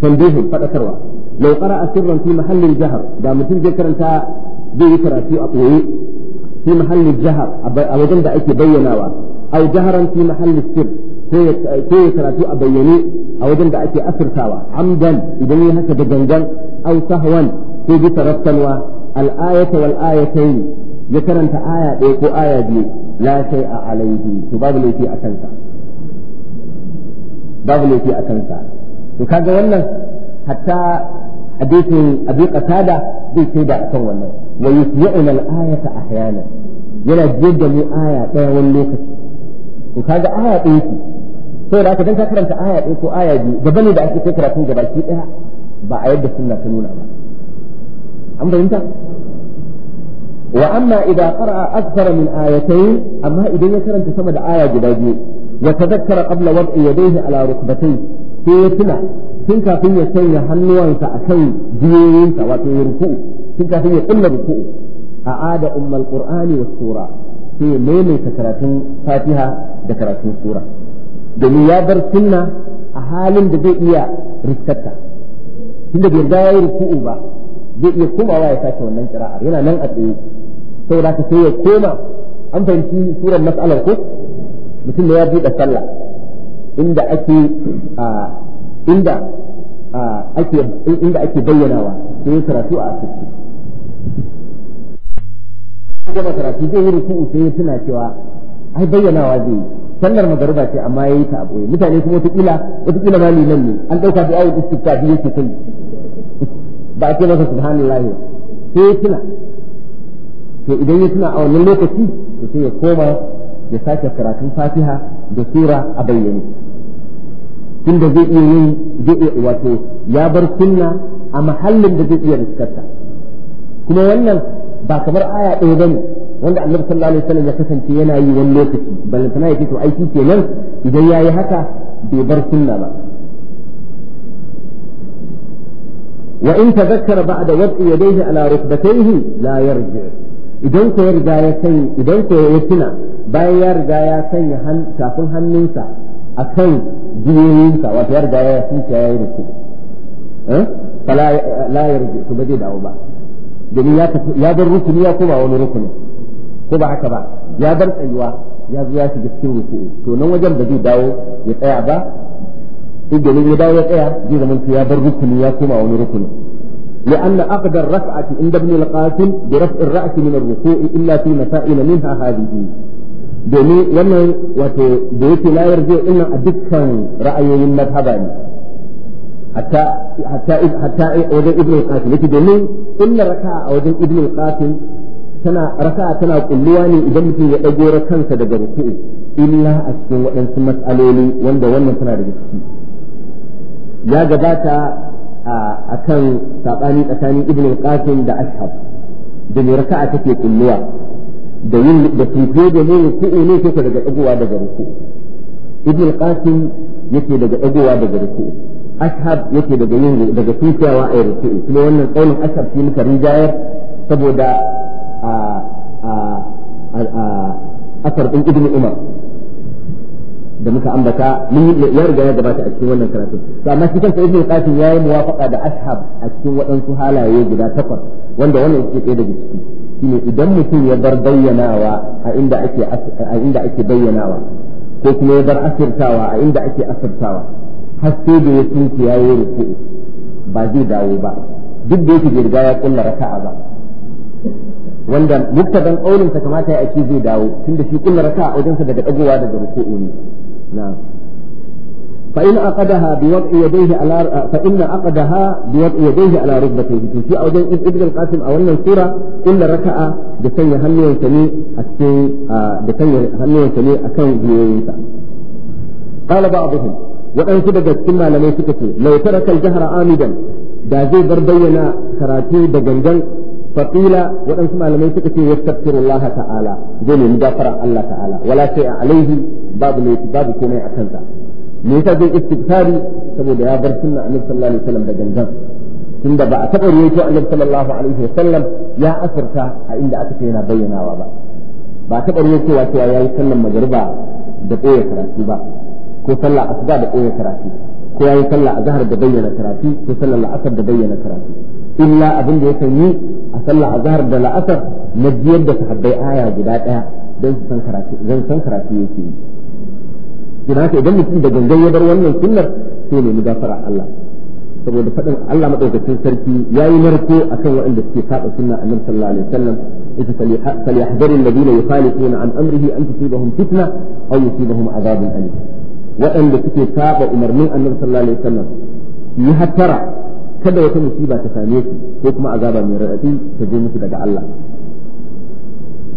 tambihin faɗakarwa law qara'a sirran fi mahallin jahar da mutum zai karanta zai yi karatu a ɓoye fi mahallin jahar a wajen da ake bayyanawa aw jaharan fi mahallin sirr ko ya karatu a bayyane a wajen da ake asirtawa amdan idan ya haka da gangan aw sahwan ko bisa rafsanwa al-ayata wal ayatayn ya karanta aya ɗaya ko aya biyu la sai a alaihi to babu laifi a kansa babu laifi a kansa to kaga wannan hatta hadisin abi qatada zai sai da kan wannan wa yusmi'una al-ayata ahyana yana jidda mu aya ɗaya wani lokaci to kaga aya ɗaya ce saboda haka dan ka karanta aya ɗaya ko aya biyu gaba ne da ake kai karatu gabaki ɗaya ba a yadda sunna ta nuna ba an fahimta وأما إذا قرأ أكثر من آيتين أما إذا يكرم تسمد آية جداجي وتذكر قبل وضع يديه على ركبتيه في سنة tun kafin ya sanya hannuwansa a kan jiyoyinsa wato ya ruku’u tun kafin ya kulla ruku a ada umar qur'ani wa sura sai maimaita karatun fatiha da karatun sura domin ya bar sunna a halin da zai iya riskarta tunda bai yarda ya ruku'u ba zai iya komawa ya sake wannan kira'ar yana nan a tsaye Sai saboda ka sai ya koma an fahimci suran mas'alar ko mutum ne ya buɗe sallah inda ake inda ake inda ake bayyanawa sai ya karatu a asirci gama karatu zai yi ruku'u sai ya tuna cewa ai bayyanawa zai yi sallar magariba ce amma yayi ta a mutane kuma wata kila wata kila ma nan ne an ɗauka da ayyukan istifta biyu ke kai ba a ce masa subhanallah sai ya tuna to idan ya tuna a wannan lokaci to sai ya koma ya sake karatun fatiha da sura a bayyane tunda zai iya yin zai wato ya bar sunna a mahallin da zai iya riskarta kuma wannan ba kamar aya ɗaya ba ne wanda annabi sallallahu alaihi wasallam ya kasance yana yi wani lokaci balle tana yake to aiki kenan idan yayi haka bai bar sunna ba wa in tadhakkara ba'da wad'i yadayhi ala rukbatayhi la yarji' idan ko ya riga ya sanya idan ko ya tuna bayan ya riga ya sanya kafin hannunsa a kan jiyoyinsa wato ya riga ya tuka ya yi rufu eh? fala la to ba zai dawo ba domin ya bar rukuni ya koma wani rukuni ko ba haka ba ya bar tsayuwa ya zo ya shiga cikin ruku'u to nan wajen ba zai dawo ya tsaya ba in domin ya dawo ya tsaya zai zama ya bar rukuni ya koma wani rukuni لأن أخذ الركعة عند ابن القاسم برفع الرأس من الركوع إلا في مسائل منها هذه domin wannan wato da yake la yarje ina a dukkan ra'ayoyin ne hatta hatta qasim yake domin raka'a a wajen qasim tana raka'a tana kulluwa ne idan mutum ya dago kansa daga ruku'u illa a cikin waɗansu mas'aloli wanda wannan tana daga ciki ya gabata a kan saɓani tsakanin ibn qasim da ashab da me raka'a take kulluwa da yin da tuto da ne ruku'u ne take daga dagowa daga ruku ibn qasim yake daga dagowa daga ruku ashab yake daga yin daga tukiyawa a ruku kuma wannan kaunin ashab shi muka rijayar saboda a a a asar din ibn umar da muka ambata mun ya riga ya gabata a cikin wannan karatu to amma shi kansa ibnu qasim yayi muwafaqa da ashab a cikin waɗansu halaye guda takwas wanda wannan yake ɗaya daga ciki shine idan mutum ya bar bayyanawa a inda ake a inda ake bayyanawa ko kuma ya bar asirtawa a inda ake asirtawa har sai da ya tsinci yayi ruku'u ba zai dawo ba duk da yake bai riga ya kulla raka'a ba wanda muktaban kaurin sa kamata ya ake zai dawo tunda shi kulla raka'a wajensa daga dagowa daga ruku'u ne نعم فإن أقدها بوضع يديه على فإن أقدها بوضع يديه على ركبتيه في أوجه ابن القاسم أو أن السورة إلا ركعة بسنة هم ينتمي أكي بسنة هم ينتمي أكون بيوينسا قال بعضهم وأن سبق السمة لم يسكتي لو ترك الجهر عامدا دا زي بر بينا كراتي بجنجل فقيل وأن سمع لما يتكتي يستغفر الله تعالى دون مغفرة الله تعالى ولا شيء عليه باب الاتباب كما يعتنزع ليس ذي استغفاري سبو يا بر سنة النبي صلى الله عليه وسلم بجنجان tunda ba a taɓa ruwaito annabi sallallahu alaihi wa sallam ya asirta a inda aka ce yana bayyanawa ba ba taɓa ruwaitowa cewa ya yi sallan magariba da ɓoye karatu ba ko sallah asuba da ɓoye karatu ko ya yi sallah azhar da bayyana karatu ko la'asar da karatu إلا أبن ذي كني أصلى أظهر دل أثر نجيب ده سحب بيع يا جدات يا ده سنكرات ده سنكرات يسوي جنات إذا مسلم ده جنجي يبرون من سنر سوني مدافر الله سبوا دفعنا الله ما تقول في سنر كي يا يمرك أكن وعند استيقاظ سنة النبي صلى الله عليه وسلم إذا فليحذر الذين يخالفون عن أمره أن تصيبهم فتنة أو يصيبهم عذاب أليم وأن لكتاب أمر من النبي صلى الله عليه وسلم يهترى kada wata musiba ta same su ko kuma azaba mai raɗaɗi ta je musu daga Allah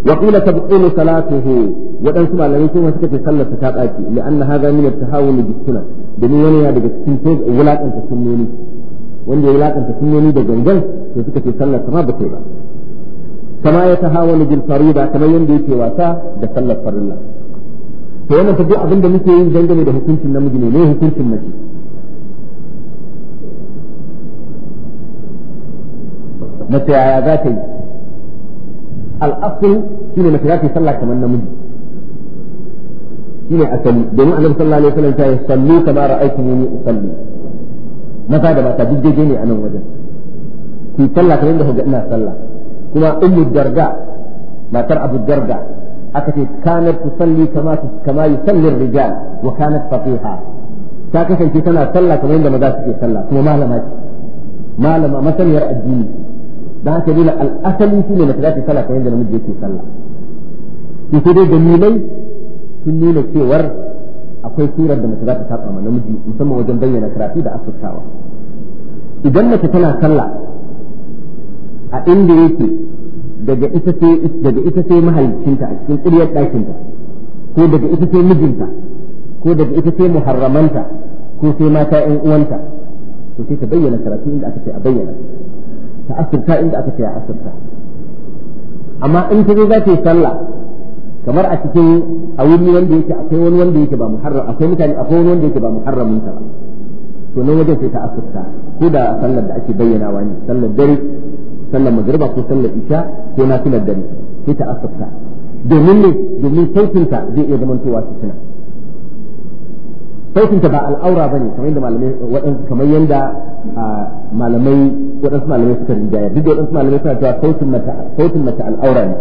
wa qila tabqulu salatuhu waɗansu malamai kuma suka ce sallar ta tsaki li anna hadha min at-tahawul bi sunnah domin wani ya daga cikin to sunnoni wanda ya sunnoni da gangan to suka ce sallar ta ba ba kama ya bil fariida kamar yanda yake wasa da sallar farilla to wannan duk abin da muke yi dangane da hukuncin namiji ne ne hukuncin mace mace yaya za ta yi al'asul shine mace za ta yi sallah kamar namiji shine asali domin annabi sallallahu alaihi wasallam ta yi sallu kama ra'aytumuni usalli maza da mata duk daidai ne a nan wajen ki sallah kamar da kaga ina sallah kuma ummu darga matar abu darga aka ce kanat tusalli kama kama yusalli rijal wa kanat fatiha ta kasance tana sallah kamar yadda maza suke sallah kuma malama ce malama masaniyar addini da haka dole al'asali shine mace za ta sallah kamar yadda namiji yake sallah to sai dai dalilai sun nuna cewar akwai surar da mace za ta saba ma namiji musamman wajen bayyana karatu da asusawa. idan mace tana sallah a inda yake daga ita ce daga ita mahalicinta a cikin ƙuryar ɗakinta ko daga ita ce mijinta ko daga ita ce muharramanta ko sai mata ƴan uwanta to sai ta bayyana karatu inda aka ce a bayyana ta asirta inda aka ce ya asirta amma in ta zo za ta yi sallah kamar a cikin a wuri wanda yake akwai wani wanda yake ba muharram akwai mutane akwai wani wanda yake ba muharramin ta ba to nan wajen sai ta asirta ko da sallar da ake bayyanawa ne sallar dare sallar magriba ko sallar isha ko nafilar dare sai ta asirta domin ne domin sautinta zai iya zamantowa cikin tuna sautinta ba al'aura ba ne kamar yadda malamai waɗansu kamar yadda malamai waɗansu malamai suka rinjaya duk da waɗansu malamai suna cewa sautin mata sautin mata al'aura ne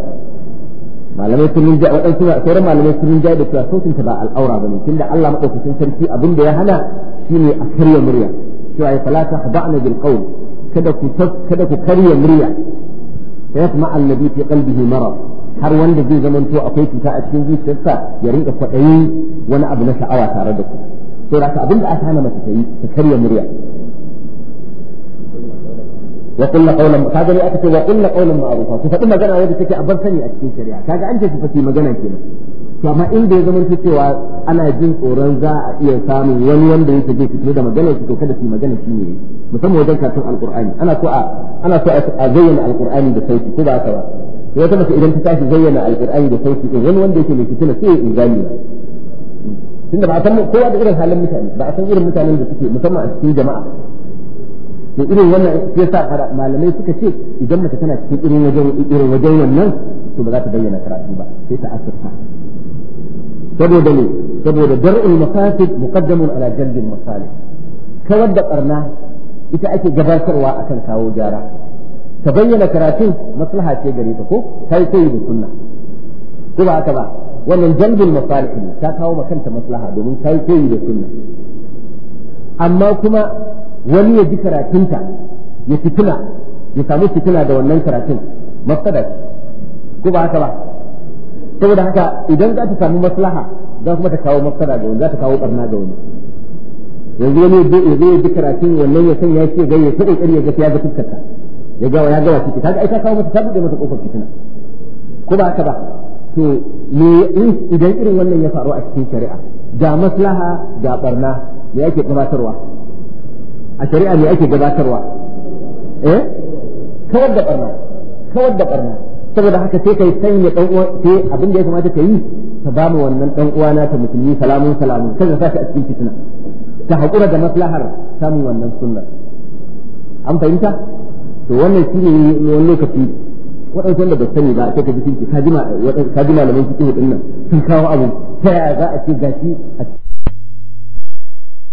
malamai sun rinjaya waɗansu sauran malamai sun rinjaya da cewa sautinta ba al'aura ba ne tunda Allah madaukakin sarki abin da ya hana shine a karya murya cewa ya falata habana bil qawl kada ku kada ku karya murya sai kuma annabi fi qalbihi marad har wanda zai zamanto akwai cuta a cikin zuciyarsa ya rinka kwaɗayi wani abu na sha'awa tare da ku sai raka abinda aka hana mace ta yi ta karya murya wa kullu qawlan ka gani aka ce wa kullu qawlan ma'rufa ku faɗi magana wanda take a bar sani a cikin shari'a kaga an ce ku faɗi magana kenan to amma in inda ya zama cewa ana jin tsoron za a iya samun wani wanda yake zai fito da magana shi to kada su magana shi ne musamman wajen karatun alqur'ani ana so a ana so a zayyana alqur'ani da sauki ko ba haka ba wata mace idan ta tashi zayyana alqur'ani da sauki din wani wanda yake mai fitina sai ya inzami tunda ba a san kowa da irin halin mutane ba a san irin mutanen da suke musamman a cikin jama'a to irin wannan sai sa malamai suka ce idan mace tana cikin irin wajen irin wajen wannan to ba za ta bayyana karatu ba sai ta asirta saboda ne saboda dar'ul mafasid muqaddamun ala jalbil masalih kawar da barna ita ake gabatarwa akan kawo gyara ta bayyana karatun maslaha ce gare ta ko kai sai da sunna ko ba haka ba wannan jalbul masalih ta kawo ma kanta maslaha domin ta yi koyi da sunna amma kuma wani ya ji karatunta ya fituna ya samu fituna da wannan karatun mafsada ko ba haka ba saboda haka idan za ta samu maslaha za kuma ta kawo mafsada ga wani za ta kawo barna ga wani yanzu wani ya zo ya ji karatun wannan ya sanya shi ga ya kuɗin ƙari ya ga ya ga fuskarta ya ga ya ga wasu kaga ai ta kawo mata ta buɗe mata ƙofar fituna ko ba haka ba to me idan irin wannan ya faru a cikin shari'a ga maslaha ga barna me ake gabatarwa a shari'a me ake gabatarwa eh kawar da barna kawar da barna saboda haka sai kai sanya dan uwa sai abin da ya kamata ka yi ka ba mu wannan dan uwa na ta musulmi salamun salamun kada sa ka a cikin fitina ta hakura da maslahar samun wannan sunnar an fahimta to wannan shine wani lokaci waɗansu wanda ba sani ba sai ka ji kinki ka ji waɗansu malaman fiqh din nan sun kawo abu ta yaya za a ce gashi a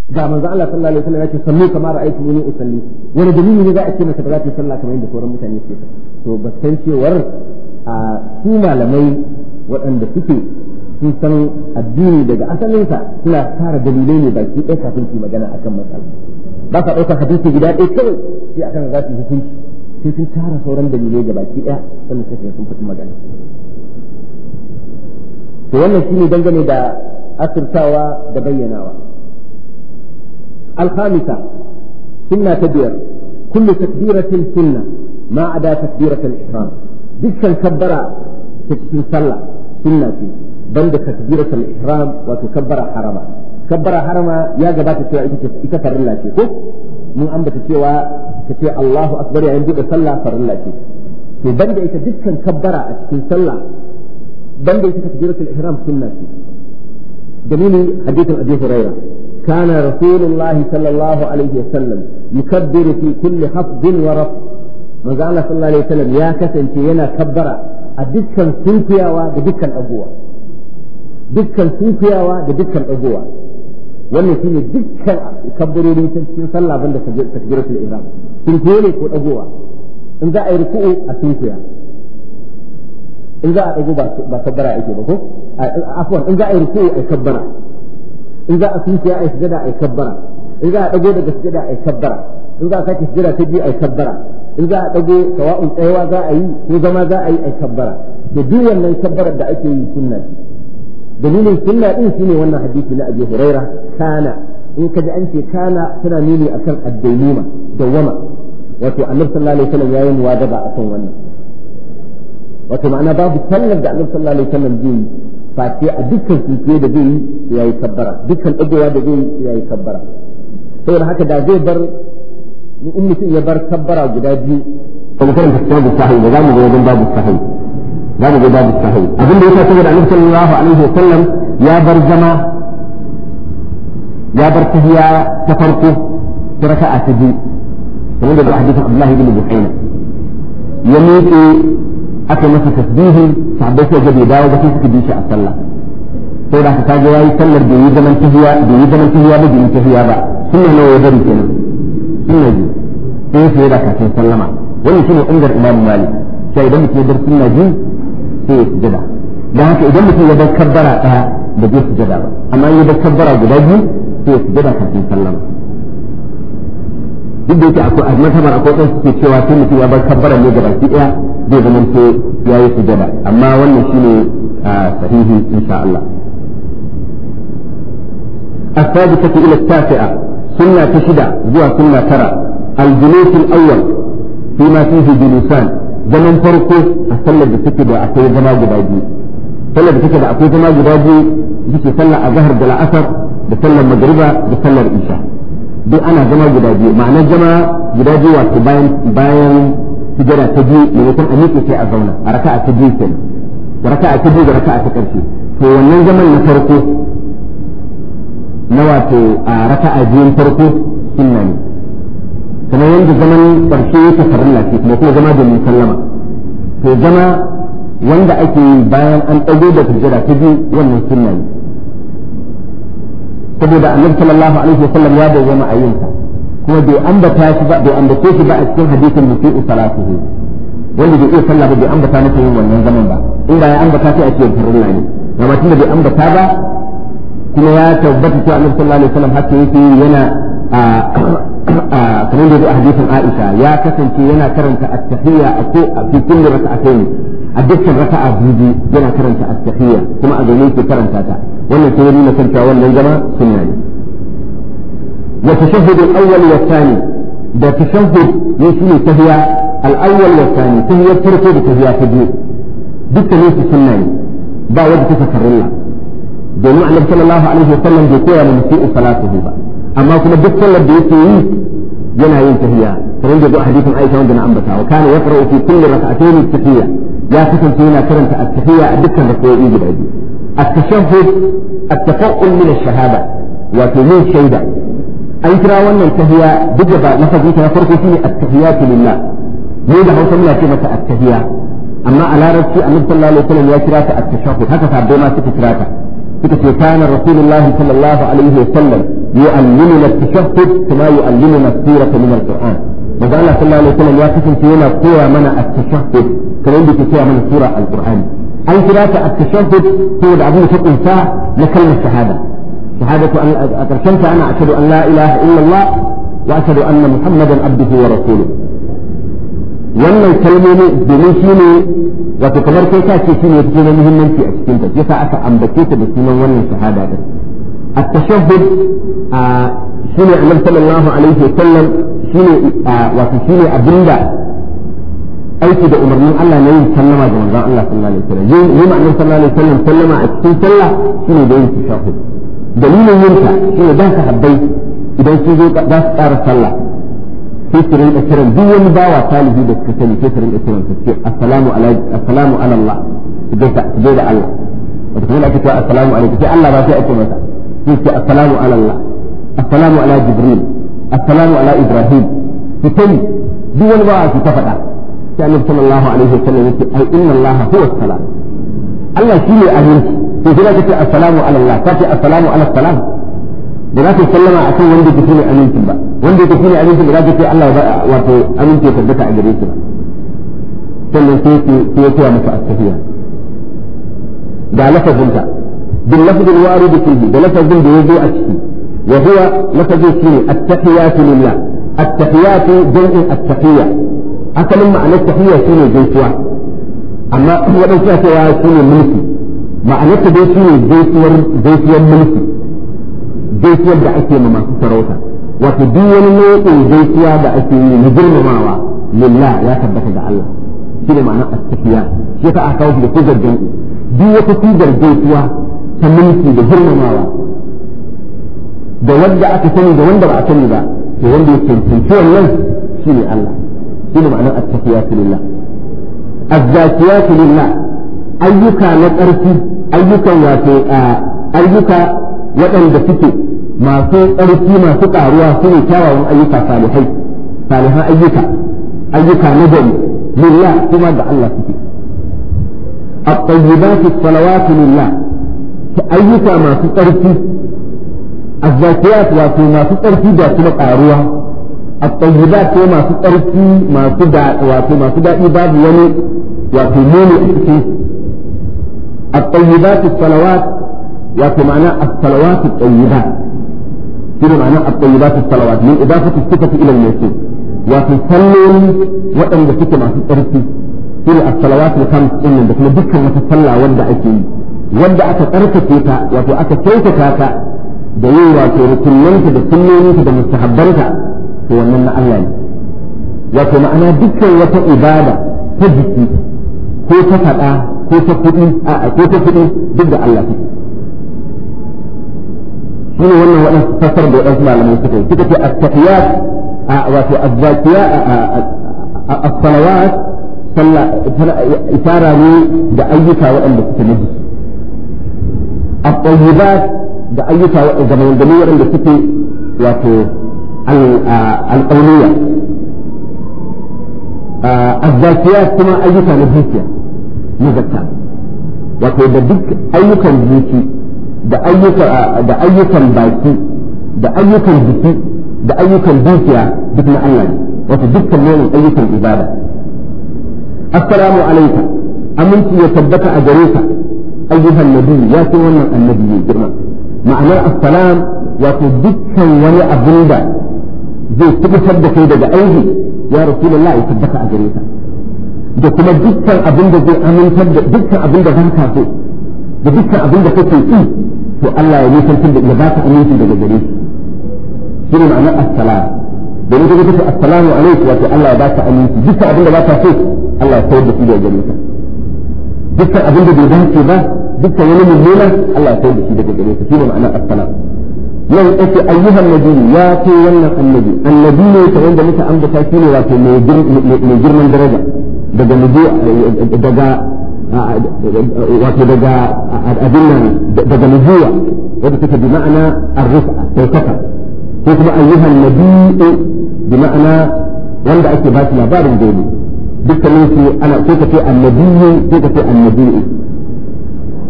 ga manzo Allah sallallahu alaihi wasallam yace sallu kama ra'aytu muni usalli wani dalili ne za a ce masa ba za ta sallah kamar yadda sauran mutane suke to ba san cewar a su malamai waɗanda suke sun san addini daga asalinsa suna fara dalilai ne baki ɗaya kafin su magana akan matsala ba sa ɗaukar hadisi guda ɗaya kawai sai akan za su hukunci sai sun tara sauran dalilai ga baki ɗaya sun tafiya sun magana to wannan shi ne dangane da asirtawa da bayyanawa alhamisa sunna ta biyar kullu takbiratin sunna ma a da dukkan kabbara ta cikin sallah sunna ce ban da takbiratin ihram wato kabbara harama kabbara harama ya gabata cewa ita farin lafiya ko mun ambata cewa ka ce Allahu akbar yayin buɗe sallah farin ce to da ita dukkan kabbara a cikin sallah banda ita takbiratul ihram sunna ce dalili hadithin Abi Hurairah كان رسول الله صلى الله عليه وسلم يكبر في كل خفض ورفع ما قال صلى الله عليه وسلم يا كسن ينا كبر أدكا سوفيا ودكا أبوة دكا سوفيا ودكا أبوة wannan shine dukkan kabbarori ta cikin sallah banda takbiratul ihram sun ne ko dagowa in za a yi ruku'u a sunkuya in za a dago ba kabbara ake ba ko afwan in za a yi ruku'u a kabbara in za a sunkuya a sujada a kabbara in za a dago daga sujada a kabbara in za a sake sujada ta biyu a kabbara in za a dago sawa'un tsayawa za a yi ko zama za a yi a kabbara to duk wannan kabbarar da ake yi sunna dalilin sunna din shine wannan hadisi na Abu Huraira kana in kaji an ce kana suna nuni akan ad-daymima dawama wato Annabi sallallahu alaihi wasallam yayi muwazaba akan wannan wato ma'ana babu sallar da Annabi sallallahu alaihi wasallam zai face a dukkan suke da zai yi yayi kabbara dukkan dagowa da zai yi yayi kabbara saboda haka da zai bar in mutum ya bar kabbara guda biyu kuma karanta kitabu sahih da zamu ga wajen babu sahih za mu ga babu sahawi abin da yasa saboda annabi sallallahu alaihi wa sallam ya bar zama ya bar tahiyya ta farko ta raka'a ta biyu kamar da hadisin Abdullahi ibn Buhayna ya miƙe aka masa tasbihin sahabbai suka ga bai dawo ba sai suka bi shi a sallah sai da ka ga yayi sallar da yi zaman tahiyya da yi zaman tahiyya ba da yi tahiyya ba sunna nawa ya bari kenan sunna ji sai sai da ka sallama wannan shine ingar Imam Malik sai idan mutum ya bar sunna ji sai ya sujada da haka idan mutum ya bar kabbara daya da zai sujada ba amma ya bar kabbara guda biyu sai ya sujada kafin sallama duk da yake akwai a matabar akwai wasu suke cewa sai mutum ya bar kabbara ne gaba ki daya zai zama to ya yi sujada amma wannan shi shine sahihi insha Allah السادسة إلى التاسعة سنة تشدة زوى سنة ترى الجلوس الأول فيما فيه جلوسان zaman farko a sallar da take da akwai zama guda biyu sallar da take da akwai zama guda biyu yake sallar azhar da la'asar da sallar magriba da sallar isha duk ana zama guda biyu ma'ana zama guda biyu wato bayan bayan hijira ta biyu maimakon a miƙe sai a zauna a raka'a ta biyu kenan da raka'a ta biyu da raka'a ta ƙarshe to wannan zaman na farko na wato a raka'a biyun farko sunna ne kamar yadda zaman farke ya tafarin lafi kuma kuma zama domin sallama to zama wanda ake yi bayan an ɗago da sujjada ta biyu wannan sunna ne saboda annabi sallallahu alaihi sallam ya bayyana a yin kuma bai ambata shi ba bai ambace shi ba a cikin hadisin musii'u salatuhu wanda bai iya sallah ba bai ambata masa yin wannan zaman ba in ba ya ambata sai a ce farilla ne amma da bai ambata ba kuma ya tabbata cewa annabi sallallahu alaihi sallam haka yake yana kamar da zo a hadisin Aisha ya kasance yana karanta at-tahiyya a ko a cikin raka'atayn a dukkan raka'a biyu yana karanta at-tahiyya kuma a gare yake karanta ta wannan sai yana kanta wannan zama sunna ne wa tashahhud al-awwal wa thani da tashahhud ne shine tahiyya al-awwal wa thani tahiyya farko da tahiyya ta biyu dukkan su sunna ne ba wanda take farilla domin annabi sallallahu alaihi wa sallam bai koya mu mutu'u salatuhu ba أما كما جبت الله يسيه جنا ينتهي فرنجة أحاديث عائشة وندنا أنبتها وكان يقرأ في كل ركعتين التحية يا سكن فينا كرنت التحية أدتها مسوي إيجي بعدي التشهد التفاؤل من الشهادة وتنين شيدا أي ترى وانا التحية بجبا نفذ إيجي نفرق فيني التحيات لله ماذا هو سمنا كما التحية أما على رسي أن صلى الله عليه وسلم ترى التشهد هكذا عبدما سكتراتا كان رسول الله صلى الله عليه وسلم يؤلمنا التشهد كما يؤلمنا السورة من القرآن ماذا الله صلى الله عليه وسلم يقسم فينا سورة من التشهد كما عندك سورة من السورة القرآن أي ثلاثة التشهد هو بعضهم شق إنساء لكلمة شهادة شهادة أن أترشمت أنا أشهد أن لا إله إلا الله وأشهد أن محمدا عبده ورسوله وأن الكلمة domin shi ne wato kamar kai من في shi ne cikin muhimmanci a cikin ta yasa التشهد شنو النبي صلى الله عليه وسلم شنو وشنو أبندا aiki da umarnin Allah na yin sallama da manzon Allah sallallahu alaihi wasallam yin yin annabi sallallahu alaihi wasallam sallama a cikin sallah shine da yin tashahhud dalilin yin ta shine dan sahabbai idan sun zo za su tsara sallah sai su rinka kiran duk wani bawa salihi da suka sani sai su rinka kiran su ce assalamu alaikum ala Allah da Allah kuma Allah ba yake assalamu ala Allah assalamu ala jibril assalamu ala ibrahim fitani duk wani bawa ki ta faɗa sai annabi sallallahu alaihi wasallam yake ai inna Allah huwa salam Allah shi ne aminci to kina kace assalamu ala Allah kace assalamu ala salam da za ka sallama a kan wanda kake ne amincin ba wanda kake ne amincin da za ka ce Allah wato aminci ya tabbata a gare shi sannan sai ya ce masa astaghfirullah ga lafazinta باللفظ الوارد فيه بلفظ بوضوء أشكي وهو لفظ فيه التحيات لله التحيات جمع التحية أصل معنى التحية شنو جيتوا أما هو بيتها سوى شنو ملكي معنى التحية شنو جيتوا جيتوا ملكي جيتوا بأشياء ما سروتها وتدين نوعين جيتوا بأشياء نجرم ماوا لله يا ثبت الله شنو معنى التحيات شيء أعطوه بكذا الجمع دي وتفيد الجيتوا ta mulki da girmamawa da wanda aka sani da wanda ba a sani ba to wanda ya cancanci wannan shi ne Allah shi ne ma'anar attaqiyatu lillah azzakiyatu lillah ayyuka na ƙarfi ayyukan wato ayyuka waɗanda suke masu ƙarfi masu ƙaruwa su ne kyawawan ayyuka salihai salihan ayyuka ayyuka na gari lillah kuma da Allah suke الطيبات الصلوات لله ta ayyuka masu tsarki azzakiyat wato masu tsarki da kuma ƙaruwa at-tayyibat ko masu tsarki masu da wato masu daɗi babu wani wato muni a cikin at-tayyibat as-salawat wato ma'ana as-salawat tsayyida tayyibat shine ma'ana at-tayyibat as-salawat min idafati suka ila al-mawsuf wato salloli waɗanda suke masu tsarki shine a salawat al-khams din da kuma dukkan wata sallah wanda ake yi wanda aka tsarkake ta wato aka kyautata ta da yin wato rukunninta da sunnoninta da mustahabbanta to wannan na Allah ne wato ma'ana dukkan wata ibada ta jiki ko ta faɗa ko ta kuɗi a ko ta kuɗi duk da Allah take shine wannan waɗansu fasar da waɗansu malamai suka yi suka ce at-taqiyat wato az a as-salawat sallah isara ne da ayyuka waɗanda suke na jiki الطيبات da ayyuka da maganganu waɗanda suke wato alƙauniya azzakiyat kuma ayyuka na zuciya na zakka wato da duk ayyukan zuci da ayyukan baki da ayyukan jiki da ayyukan dukiya duk na Allah ne wato dukkan nau'in ayyukan ibada assalamu alaikum aminci ya tabbata a gare ka أيها النبي يا كون النبي جمع معنى السلام وتدك ولا أبندا زي تبتد كيدا بأيدي يا رسول الله يتبقى أجريتا da kuma dukkan abin da zai amintar da dukkan abin da zan kafe da dukkan abin da kake yi to Allah ya nisantar da ba ka aminci daga gare shi shine ma'anar assalam da ne kace assalamu alaikum wato Allah ya ba ka aminci dukkan abin da ba ka so Allah ya kawar da gare ka dukkan abin da bai dace ba dukkan wani mummuna Allah ya da shi daga gare ka shine ma'anar assalam yau ake ayyuhan nabi ya ce wannan annabi annabi ne ta wanda muka ambata shi ne wato mai girman daraja daga nabi daga wato daga abin nan daga nubuwa wadda take bi ma'ana arrufa ɗaukaka ko kuma ayyuhan nabi bi ma'ana wanda ake ba shi labarin dole dukkanin su ana ko kace annabiyyu ko kace annabiyyu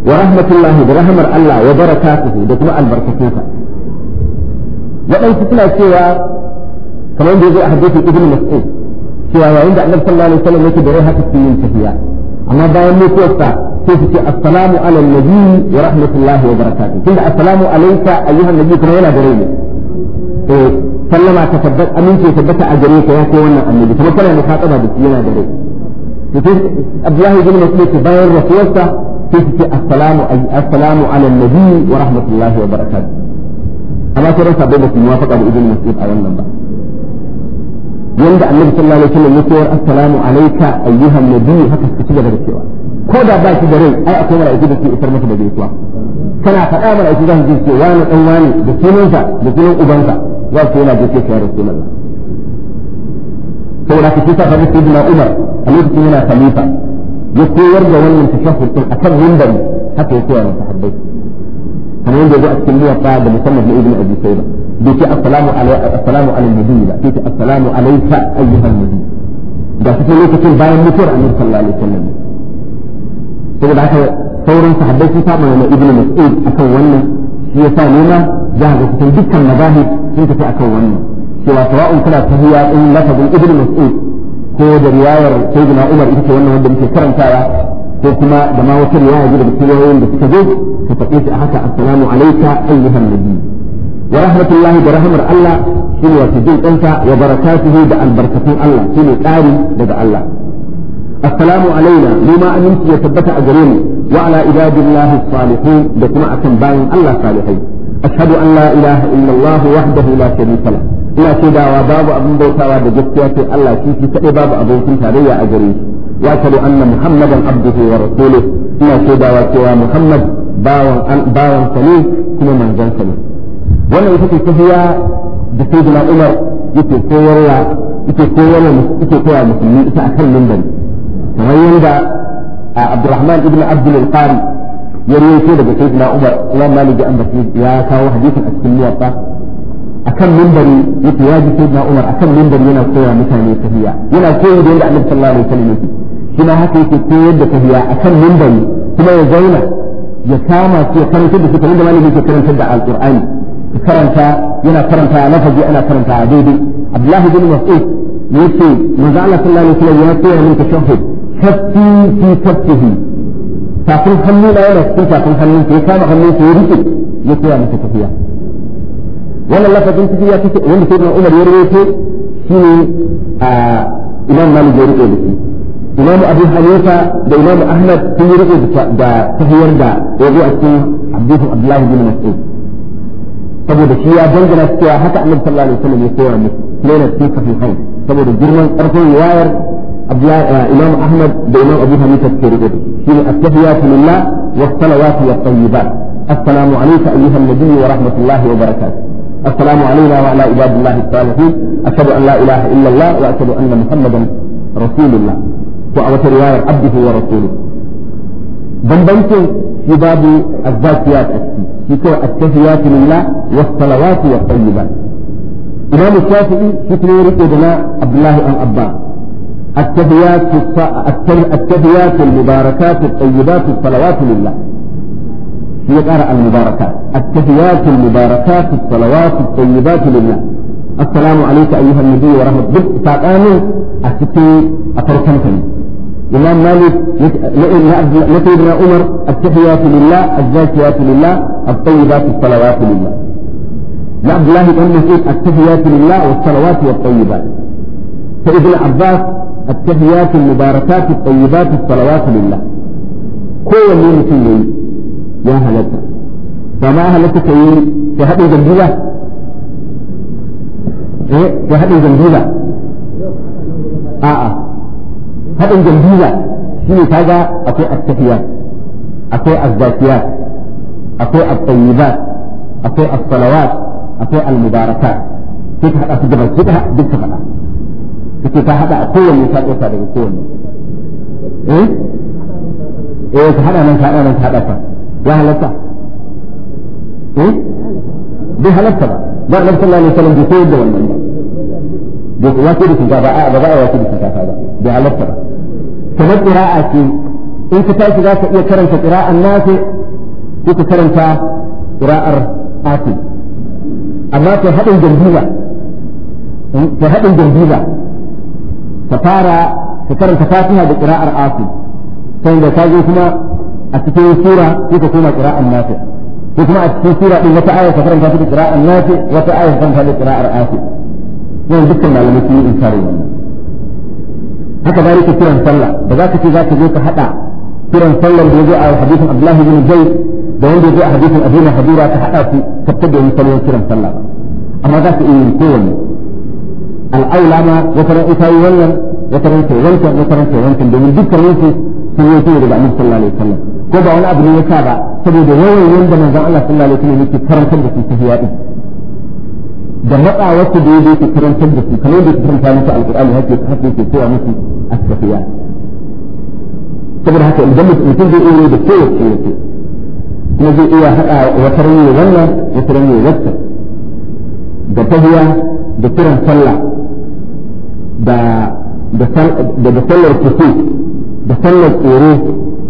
wa rahmatullahi da rahmar Allah wa barakatuhu da kuma albarkatunsa waɗansu suna cewa kamar da yazo a hadisin ibn mas'ud cewa yayin da annabi sallallahu alaihi wasallam yake da rai haka su yin tafiya amma bayan mutuwarsa sai su ce assalamu ala nabi wa rahmatullahi wa barakatuhu tunda assalamu alayka ayyuhan nabi kuma yana da rai ne eh, sallama ta tabbata amince tabbata a gare ka ya kai wannan annabi kuma kana da fataba da yana da rai to sai Abdullahi ibn Mas'ud ke bayar da suwarsa sai su ce assalamu assalamu ala nabi wa rahmatullahi wa barakatuh amma sai rasa bai da su muwafaqa da ibn Mas'ud a wannan ba yanda annabi sallallahu alaihi wasallam ya ce assalamu alayka ayyuhan nabi haka suka ci gaba da cewa ko da ba shi da rai ai akwai mala'iku da ke isar masa da gaisuwa kana faɗa mala'iku za su ce wani dan wani da sunansa da sunan ubansa ذلك هنا جيتك يا رسول الله saboda ka kisa kamar sai na umar a lokacin yana khalifa ya koyar da wannan tashahhud din akan windar haka ya koyar da sahabbai kamar yadda ya a cikin muwatta da musamman na ibnu abi sayba bai ce assalamu alayka assalamu ala nabi ba sai ce assalamu alayka ayyuhan nabi da su lokacin bayan mutuwar annabi sallallahu alaihi wasallam saboda haka sauran sahabbai sun saba wa ibnu mas'ud akan wannan shi yasa ne ma za ka cikin dukkan mazahib sun tafi akan wannan cewa sawa'un kana tahiya in lafazin ibnu mas'ud ko da riwayar sayyidina umar ita ce wannan wanda muke karantawa ko kuma da ma wata riwaya da cikin riwayoyin da suka zo ka faɗe shi a haka assalamu alayka ayyuhan nabi wa rahmatullahi da rahmar Allah shine wato jin ya wa barakatuhu da albarkatun Allah shine ƙari daga Allah ya tabbata a أمنت يثبت أجرين وعلى عباد da kuma a kan bayan allah salihai. أشهد أن لا إله إلا الله وحده لا شريك له ina shaidawa babu abin bautawa da gaskiya sai Allah shi shi kadai babu abokin tarayya a gare shi ya kadu anna muhammadan abduhu wa rasuluh ina shaidawa cewa muhammad bawan bawan sa ne kuma manzon sa ne wannan ita ce tafiya da sayyidina umar yake koyarwa yake koyarwa yake koyarwa musulmi ita akan limban kamar yadda Abdurrahman ibn Abdul Qari ya rawaito daga sayyidina Umar Imam Malik da ambaci ya kawo hadisin a cikin muwatta akan minbari yake ya ji sayyidina Umar akan minbari yana koya mutane tahiyya yana koyi da yadda Annabi sallallahu alaihi wasallam yake kuma haka yake koyar da tahiyya akan minbari kuma ya zauna ya kama su ya karanta da su kamar da Malik yake karanta da Al-Qur'ani karanta yana karanta a lafazi ana karanta a daidai Abdullahi bin Mas'ud yake manzo Allah sallallahu alaihi wasallam ya koya min tashahhud kafi fi kafihi tafin hannu na yana cikin tafin hannun ya kama hannun ya rike ya koya masa tafiya wannan lafazin ya take wanda sai Umar ya rawaito shine a Imam Malik ya rike da Imam Abu Hanifa da Imam Ahmad sun rike da tafiyar da ya zo a cikin hadisin Abdullah bin Mas'ud saboda shi ya dangana cewa haka Annabi sallallahu alaihi wasallam ya koya musu ne na cikin saboda girman karfin wayar آه، إمام أحمد بإمام أبو حنيفة الترمذي في التحيات لله والصلوات والطيبات السلام عليك أيها النبي ورحمة الله وبركاته السلام علينا وعلى عباد الله الصالحين أشهد أن لا إله إلا الله وأشهد أن محمدا رسول الله وأوت رواية عبده ورسوله بنبنت في باب الذاتيات أكتي في كل التحيات لله والصلوات والطيبات إمام الشافعي في تنوري عبد الله الأبان التهيات التهيات المباركات الطيبات الصلوات لله هي قراءة المباركات التهيات المباركات الصلوات الطيبات لله السلام عليك أيها النبي ورحمة الله تعالى أستي أفركنتني الإمام مالك لسيدنا عمر التحيات لله الزاكيات لله الطيبات الصلوات لله لعبد الله بن مسعود التحيات لله والصلوات والطيبات فابن عباس التحيات المباركات الطيبات الصلوات لله كل من يسوي يا هلتا فما هلتا كي تحب الجنبيلة ايه تحب الجنبيلة اه اه هذا الجنبيلة شنو كذا اكو التحيات اكو الزاكيات اكو الطيبات اكو الصلوات اكو المباركات تتحقق تجبل تتحقق بالتفقى suke ta hada a kowanne ta kosa daga kowanne eh eh ta hada nan ta hada nan ta hada ta ya halatta eh bai halatta ba ba Allah sallallahu alaihi wasallam bai koyar da wannan ba bai ya koyar da shinkafa a ba za a ya koyar da shinkafa ba bai halatta ba kamar qira'a ce in ka tashi za ka iya karanta qira'an nafi ko ka karanta qira'ar ati amma ta hadin jambiza ta hadin hmm? jambiza ka fara ka karanta fatiha da qira'ar asu sai da kaje kuma a cikin sura sai ka koma qira'ar nafi ko kuma a cikin sura din wata aya ka karanta ta da qira'ar nafi wata aya ka karanta da qira'ar asu yau dukkan malamai sun yi inkari haka bari ka kiran sallah da za ka ce za ka je ka hada kiran sallar da ya zo a hadisin Abdullahi bin Zaid da wanda ya zo a hadisin Abu Hurairah ta hada su ka tabbatar da yin kiran sallah amma za ka iya yin kowanne الأولى ما مثلا إثاي ولا مثلا إثاي ولا مثلا إثاي ولا مثلا من ذكر ليس سيوتي ربع نفس الله عليه وسلم كبع الأبن يتابع سبود يوم يندم أن الله صلى الله عليه وسلم يكي كرم سنة في سهيائه جمعت عوضت بيدي في كرم سنة في كلام بيت كرم سنة في القرآن هكي تحدي إيوه في سوى مثل السهياء تبرا هكي الجمس يتنزي إيه ويدي سوى سيوتي نزي إيه وترني ولا وترني وكتر جتهيا بكرم سنة da da sallar kusu da sallar tsoro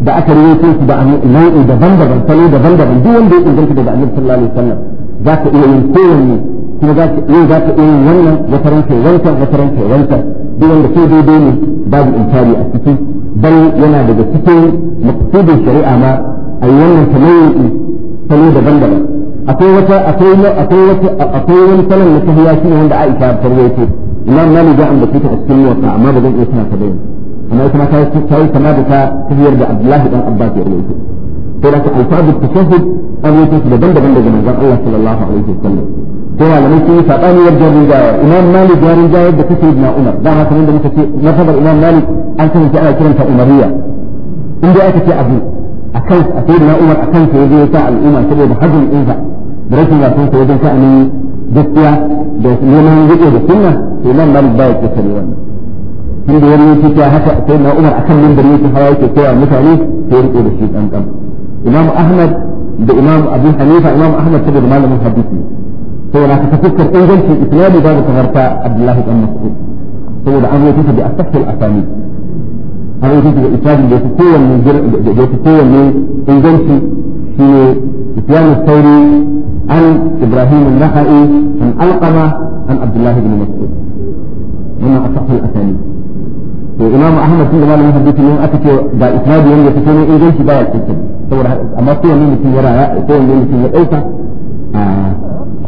da aka rawaito su da nau'i daban-daban salo daban-daban duk wanda ya inganta daga annabi sallallahu alaihi wasallam za ka iya yin kowanne kuma za ka iya za ka iya yin wannan wata ranta wancan wata ranta wancan duk wanda sai daidai ne babu inkari a ciki bal yana daga cikin maqsudin shari'a ma a yi wannan tamayyi salo daban-daban akwai wata akwai akwai wata akwai wani salon na tahiya shine wanda Aisha ta rawaito imam malik ya ambace ta a cikin wata amma ba zan iya tana ta bayan amma kuma ta yi ta kama da ta tafiyar da abdullahi dan abbas ya rawaito sai da alfadu tashahhud an yi ta daban-daban daga manzon Allah sallallahu alaihi malamai sun yi sabani wajen rinjaya imam malik ya rinjaya da take na umar da ma kamar da muka ce na fadar imam malik an kasance ana kiranta umariya inda aka ce abu akan a umar akan sa ya sa al'umma saboda hajjin insa da rashin gasan sa wajen gaskiya da neman rike da sunna to nan malik ba ya kisa ne wannan inda wani yake cewa haka sai na umar akan nan da yake hawa yake cewa mutane sai rike da shi dan imam ahmad da imam abu hanifa imam ahmad saboda malamin hadisi saboda yana ka fuskar ingancin islami babu kamarta ta abdullahi dan mas'ud saboda an rubuta da asahul asani an rubuta da isnadin da yake kowanne da yake kowanne inganci shine ikiyamu sauri an ibrahim al-nakhai an alqama an abdullah ibn to imam ahmad bin malik hadithi aka ce da isnadu wanda take ne in ganki ba ya saboda amma ko wanne mutum ya raya ko wani mutum ya dauka a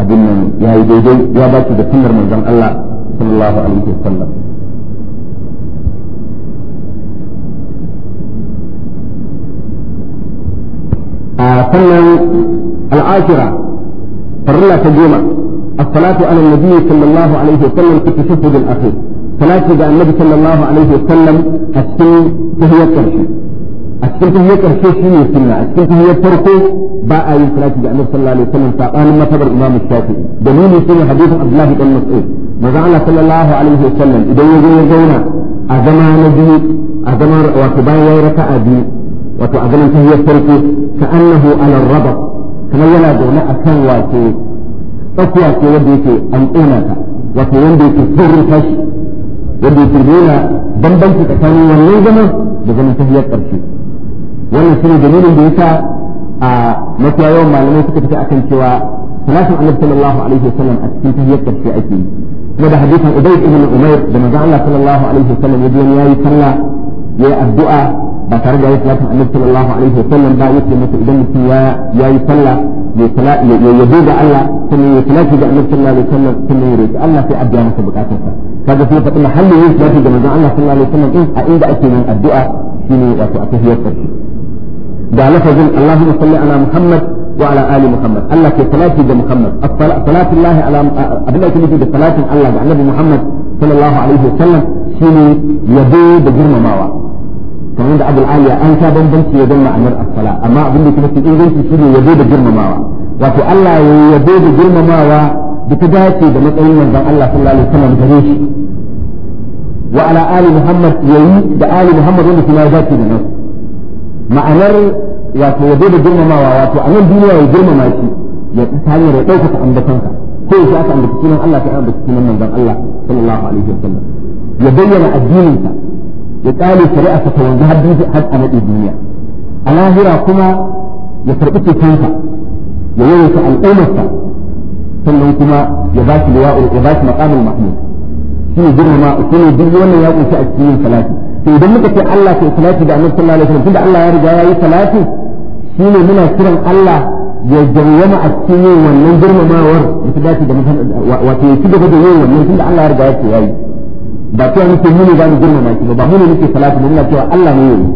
abin nan daidai ya da sunnar manzon Allah sallallahu alaihi sannan al'akira farilla ta goma as-salatu ala nabi sallallahu alaihi wa sallam fi tashahhud al-akhir salatu ga annabi sallallahu alaihi wa sallam a cikin tahiyyar karshe a cikin tahiyyar karshe shine sunna a cikin tahiyyar farko ba a yi salatu ga annabi sallallahu alaihi wa sallam sabanin matabar imam shafi'i dalilin shine hadithin abdullahi ibn mas'ud manzo Allah sallallahu alaihi wa sallam idan ya zo ya zauna a zama na biyu a zama wato bayan ya yi raka'a biyu wato a ganin tahiyar farko ka annahu ala raba kamar yana zaune a kan wato tsakiya ce wanda yake an ƙona ta wato wanda yake saurin tashi wanda yake nuna bambanci tsakanin wannan zaman da zaman tahiyar ƙarshe wannan shine dalilin da yasa a mafiya yawan malamai suka fita akan cewa salatin annabi sallallahu alaihi wasallam a cikin tahiyar ƙarshe ake yi kuma da hadisin ubayd ibn umayr da manzo Allah sallallahu alaihi wasallam ya yi yayi ya yi addu'a ba tare da ya salatu annabi sallallahu alaihi wasallam ba yake idan mutum ya yi sallah ya sala ya yabo da Allah kuma ya salatu da annabi sallallahu alaihi wasallam kuma ya roki Allah sai addu'a masa bukatunsa kaga sai fa inna hallu yin salatu da manzon Allah sallallahu alaihi a inda ake nan addu'a shine wato a tahiyar karshe da lafazin Allahumma salli ala Muhammad وعلى آل محمد الله في صلاة جد محمد صلاة الله على أبدا كنت da salatin الله da النبي muhammad صلى الله عليه وسلم شنو يدو بجرم ماوا kamar da abul aliya an sha bambanci wajen ma'anar as-sala amma abin da kuma ke inganci shine yabo da girmamawa wato Allah ya yabo da girmamawa da ta dace da matsayin manzon Allah sallallahu alaihi wasallam gare shi wa ala ali muhammad yayi da ali muhammad wanda kuma ya dace da nan ma'anar wato yabo da girmamawa wato a nan duniya ya girmama shi ya ta hanyar ya ɗaukaka ambatanka ko ya aka ambaci sunan Allah ta ambaci sunan manzon Allah sallallahu alaihi wasallam ya bayyana addininsa ya kale shari'a ta wanzu har duniya har a nade duniya a lahira kuma ya karbi cetonsa ya yawaita al'ummarsa sannan kuma ya ba shi liwa'ul ya ba shi maqamul mahmud shi ne girma shi ne duk wannan ya kunshi a cikin salati to idan muka ce Allah ke salati da Annabi sallallahu alaihi wasallam tunda Allah ya riga ya yi salati shi ne muna kiran Allah ya jawwama a cikin wannan girmamawar da ta dace da wato ya ci gaba da yin wannan tunda Allah ya riga ya yi yayi ba cewa nake mu ne za mu girmama shi ba ba mu ne nake salatu ba muna cewa Allah ne yayi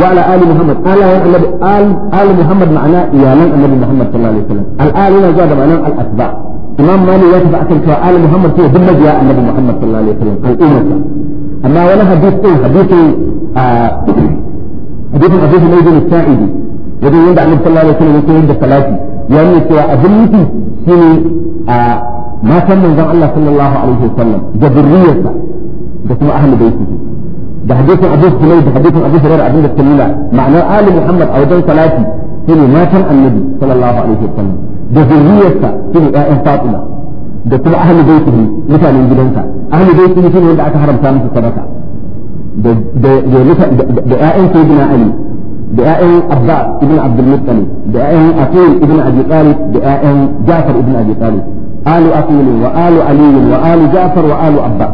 wa ala ali muhammad ala ya annabi al al muhammad ma'ana iyalan annabi muhammad sallallahu alaihi wasallam al al yana zuwa da ma'anar al asba imam mali ya tafi akan cewa Ali muhammad sai duk mabiya annabi muhammad sallallahu alaihi wasallam al ummata amma wani hadith din hadithin ah, hadithin abu humayd bin sa'idi yadda yanda annabi sallallahu alaihi wasallam yake yin da salati ya nuna cewa abin nufi shine a ah, ما كان من ذا الله صلى da عليه وسلم جبرية بسم أهل da ده abu أبو da ده abu أبو هريرة عبد الله معناه آل محمد أو جاي ثلاثي shine matan annabi sallallahu alaihi wasallam da zuriyarsa shine ƴaƴan Fatima da kuma ahli baitihi mutanen gidansa ahli baitihi shine wanda aka haramta musu sadaka da ƴaƴan sayyidina Ali da ƴaƴan Abbas ibn Abdul Muttalib da ƴaƴan Aqil ibn Abi Talib da ƴaƴan Jafar ibn Abi Talib آل أقيل وآل علي وآل جعفر وآل أبا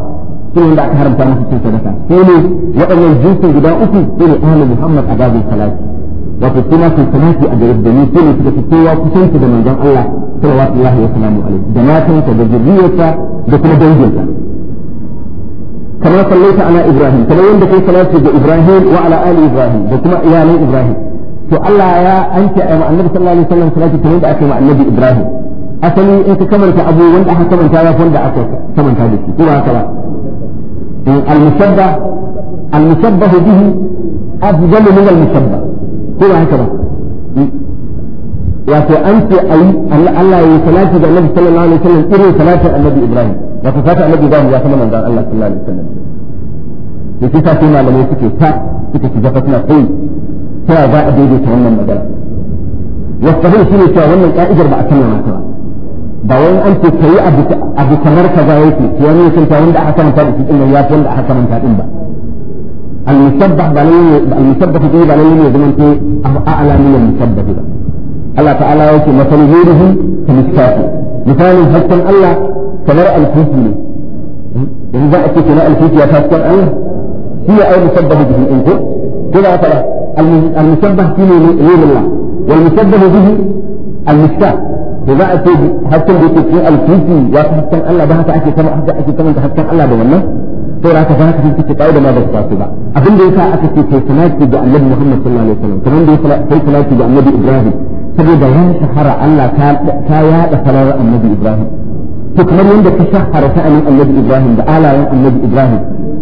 sun da aka haramta musu cin sadaka sai ne wadannan jinsin guda uku su ne alu muhammad a gazin salati wato kuma sun salati a garin da ni su ne suka fi kowa kusanci da manzon allah sallallahu alaihi wa sallam da ta da zuriyarsa da kuma كما صليت على ابراهيم كما عندك صلاه ابراهيم وعلى ال ابراهيم وكما يا ابراهيم فالله يا انت مع النبي صلى الله عليه وسلم ta كما ake ma النبي ibrahim. asali in ka kamanta abu wanda aka kamanta ya wanda aka kamanta da shi kuma haka ba al-mushabbah eh, al-mushabbah bihi afdal min al-mushabbah kuma haka ba eh, wato an ce ayi Allah ya salati ga Annabi sallallahu alaihi wasallam irin salatin Annabi Ibrahim wato fata Annabi Ibrahim ya kuma manzon Allah sallallahu alaihi wasallam da shi sa sai malamai suke ta suke ci zafa suna kai ta za a daidaita wannan magana wasu shine cewa wannan ka'idar ba a kallon ta ba ba wai an ce kai abu kamar kaza yake ya ne kinta wanda aka karanta da cikin nan ya fi wanda aka karanta din ba al-musabbah ba nan al-musabbah dai ba nan ne zaman ce a'la min al-musabbah ba Allah ta'ala yake masalu zurihi ta miskafi misalin hakkan Allah kamar al-kufi ne yanzu za a ce kamar al-kufi ya hakkan Allah shi ya ai musabbah bihi in ko kira fara al-musabbah shi ne ne Allah wal musabbah bihi al-miskaf to za a ce hakkin da yake cikin alfifi ya fi hakkin Allah da haka ake sama haka ake sama da hakkin Allah da wannan to da haka ba haka take kawo da ma ba su ba abin da yasa aka ce kai salati ga Annabi Muhammad sallallahu alaihi wasallam kamar da yasa kai salati ga Annabi Ibrahim saboda ya shahara Allah ta yada salalar Annabi Ibrahim to kamar yadda ka shahara sa'anin Annabi Ibrahim da alayen Annabi Ibrahim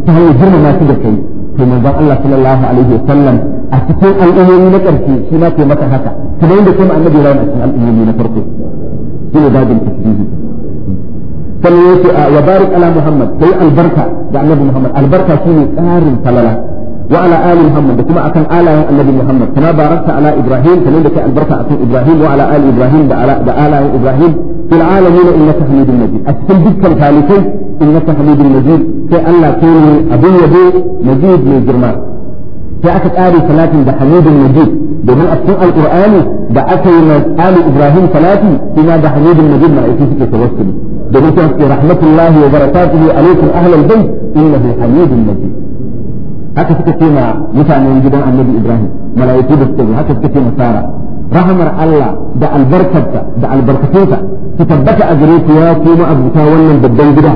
ta hanyar girmama su da kai to manzon Allah sallallahu alaihi wasallam a cikin al'ummomi na ƙarshe shi ma ke maka haka kamar yadda kuma Annabi Ibrahim a cikin al'ummomi na farko shine babin tasbihi sannan yace ah, wa barik ala muhammad kai albarka da annabi muhammad albarka shi ne tsarin falala wa ala ali muhammad da kuma akan alayen annabi muhammad kana barakta ala ibrahim kamar da kai albarka akan ibrahim wa ala ali ibrahim da ala da alayen ibrahim fil alamin innaka hamidun majid a cikin dukkan talibai innaka hamidun majid sai Allah kai ne abin yabo majid mai girma sai aka tsare salatin da hamidun majid domin a cikin alqur'ani da aka yi ali ibrahim salati kuma da hamidun majid mala'iku suke tawassuli domin sai suke rahmatullahi wa barakatuhu alaikum ahlal bayt innahu hamidun majid haka suka ce ma mutanen gidan annabi ibrahim mala'iku da suke haka suka ce ma sara rahamar Allah da albarkarta da albarkatunsa ta tabbata a gare ku ya kuma abuta wannan babban gida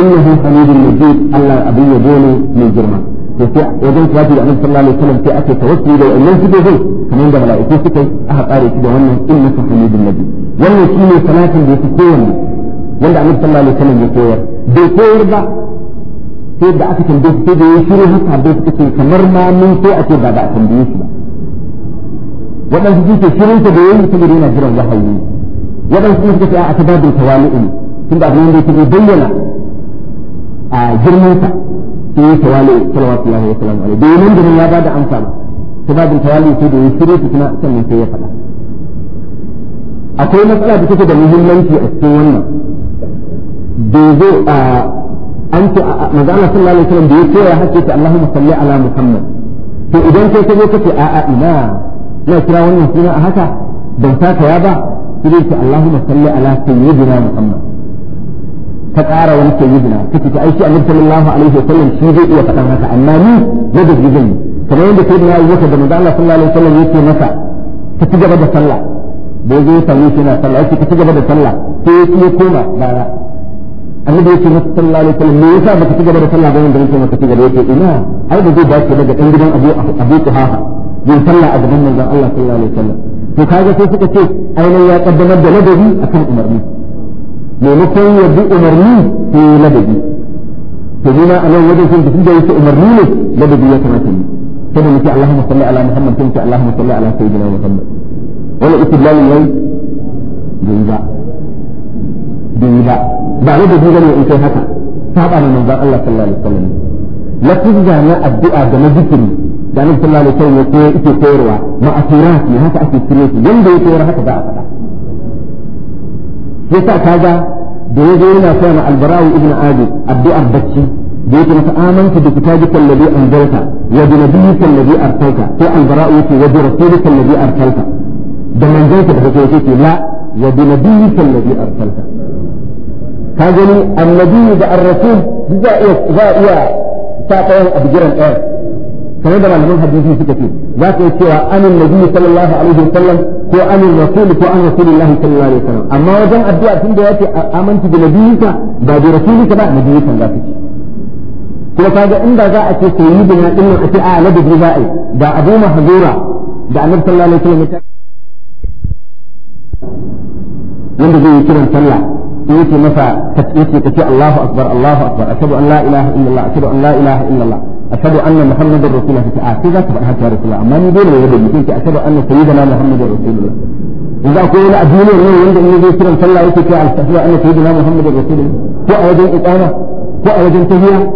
innahu hamidun majid Allah abin yabo ne mai girma to sai wajen kwafi da annabi sallallahu alaihi wasallam sai ake tawassuli da wannan sifofin kamar da mala'iku suka aka kare shi da wannan innaka hamidun nabi wannan shine salatin da yake kowanne wanda annabi sallallahu alaihi wasallam ya koyar bai koyar ba sai da aka tambaye sai da ya shiru haka bai suka ce kamar ma mun sai ake ba da a tambaye shi ba waɗansu suke shirinta da yayi saboda yana jiran wahayi waɗansu suka ce a ta babin tawali'u tunda abin da yake bayyana a girmansa sai ya tawali salawatu Allah wa salamu alaihi bai nan gurin ya bada amsa ba ta babin tawali sai da ya shirye su kuma sannan sai ya faɗa akwai matsala da take da muhimmanci a cikin wannan da zo a an ce manzo Allah sallallahu alaihi wasallam da ya koya hakki ta Allahumma salli ala Muhammad to idan kai ka zo kace a a ina ina kira wannan suna a haka ban saka ya ba sai ce Allahumma salli ala sayyidina Muhammad ta ƙara wani ke yidina ta fita aiki annabi sallallahu alaihi wa sallam shi zai iya faɗan haka amma ni na da zai yi kamar yadda sai na abubakar da manzo Allah sallallahu alaihi wa sallam yake masa ta ci gaba da sallah da ya zo ya same shi yana sallah yake ta ci gaba da sallah sai ya ya koma baya annabi yake masa sallallahu alaihi wa sallam me yasa baka ci gaba da sallah ba da yake masa ci gaba yake ina ai da zai dace daga ɗan gidan Abu Abu Quhafa yin sallah a gaban manzon Allah sallallahu alaihi wa sallam to kaga sai suka ce ainihin ya kaddamar da ladabi akan umarni maimakon ya bi umarni sai ya ladabi to nuna a nan wajen sun tafi da yake umarni ne ladabi ya kamata ne kada mu ce Allahumma salli ala Muhammad sai mu ce Allahumma salli ala sayyidina Muhammad wala istidlal yayi bai ba bai ba ba ne da duba ne in kai haka saba ne manzon Allah sallallahu alaihi wasallam lafizza na addu'a da na zikiri da annabi sallallahu alaihi wasallam ya koyarwa ma'asirati haka ake kire shi yanda ya koyar haka za a faɗa yasa kaga da yaje yana koya ma albarau ibn adi addu'ar bacci da yake masa amanta da kitabika alladhi anzalta wa bi nabiyyika alladhi arsalta sai albarau yake wa bi rasulika alladhi arsalta da manzanka da kake yake la wa bi nabiyyika alladhi arsalta ka gani annabi da ar-rasul za iya za iya ta ɗayan abu ɗaya kamar da malaman hadisi suka ce za ka yi cewa anin nabi sallallahu alaihi wasallam ko anin rasul ko an rasulullah sallallahu alaihi wasallam amma wajen addu'a tun da yace amantu bi nabiyika ba bi ka ba nabiyika za ka ce kuma kaga inda za a ce sayyidina dinnan a ce a ladabi za a yi da abu mahzura da annabi sallallahu alaihi wasallam ya wanda zai yi kiran sallah yake masa yake kace Allahu akbar Allahu akbar ashhadu an la ilaha illallah ashhadu an la ilaha illallah أشهد أن محمد رسول الله كأعتذة فأنا يا رسول الله ما نقول ويقول لك أشهد أن سيدنا محمد رسول الله إذا أقول أدينه إنه عند النبي صلى الله عليه وسلم صلى يتكى على السفية أن سيدنا محمد رسول الله هو أوجه إقامة هو أوجه تهيئة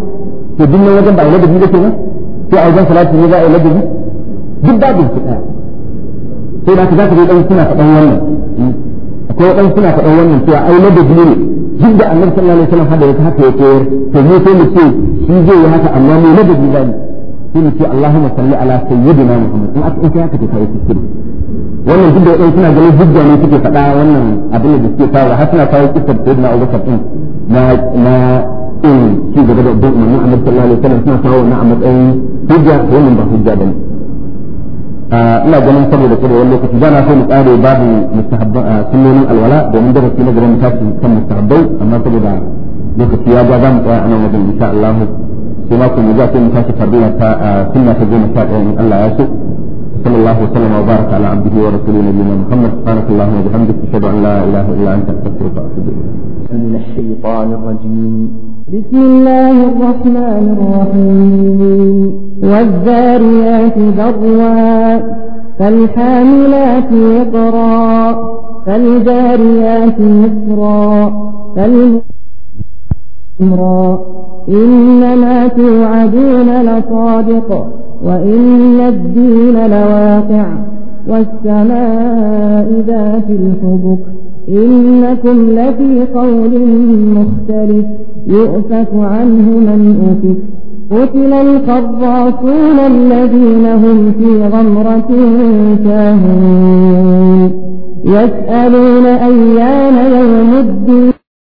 الدنيا وجن بعد لدى بيدة كنا في أوجه صلاة النزاء لدى بي جدا بالكتاب سيدنا كذلك يقول أن سنة فأنا أقول أن سنة فأنا فيها أو لدى duk da annabi sallallahu alaihi wasallam hada ya haka yake to mu sai mu ce shi zai yi haka amma mu nadi bizani sai mu ce Allahumma salli ala sayyidina Muhammad in aka ce haka ta kai kuskure wannan duk da wadan suna ganin hujja ne suke faɗa wannan abin da suke fara har suna fara kitab sayyidina Abu Bakar din na na in shi gaba da bin annabi sallallahu alaihi wasallam suna fara wannan a matsayin hujja wannan ba hujja bane ina ganin saboda kada wani lokaci da na so mu tsare babu mustahabban sunnonin alwala domin da na gaban mutaci kan mustahabbai amma saboda lokaci ya ga mu tsaya anan wajen insha Allah sai ma kuma za ku mu tashi farilla ta sunna ta goma sha ɗaya in Allah ya so sallallahu alaihi wa sallam wa baraka ala abdihi wa rasulihi nabiyina Muhammad subhanahu wa ta'ala bihamdihi an la ilaha illa anta astaghfiruka wa atubu ilayk. بسم الله الرحمن الرحيم والذاريات ضروا فالحاملات يقرا فالجاريات يسرا فالمرا إنما توعدون لصادق وإن الدين لواقع والسماء ذات الحبك إنكم لفي قول مختلف يؤفك عنه من أفك قتل القراصون الذين هم في غمرة كاهون يسألون أيان يوم الدين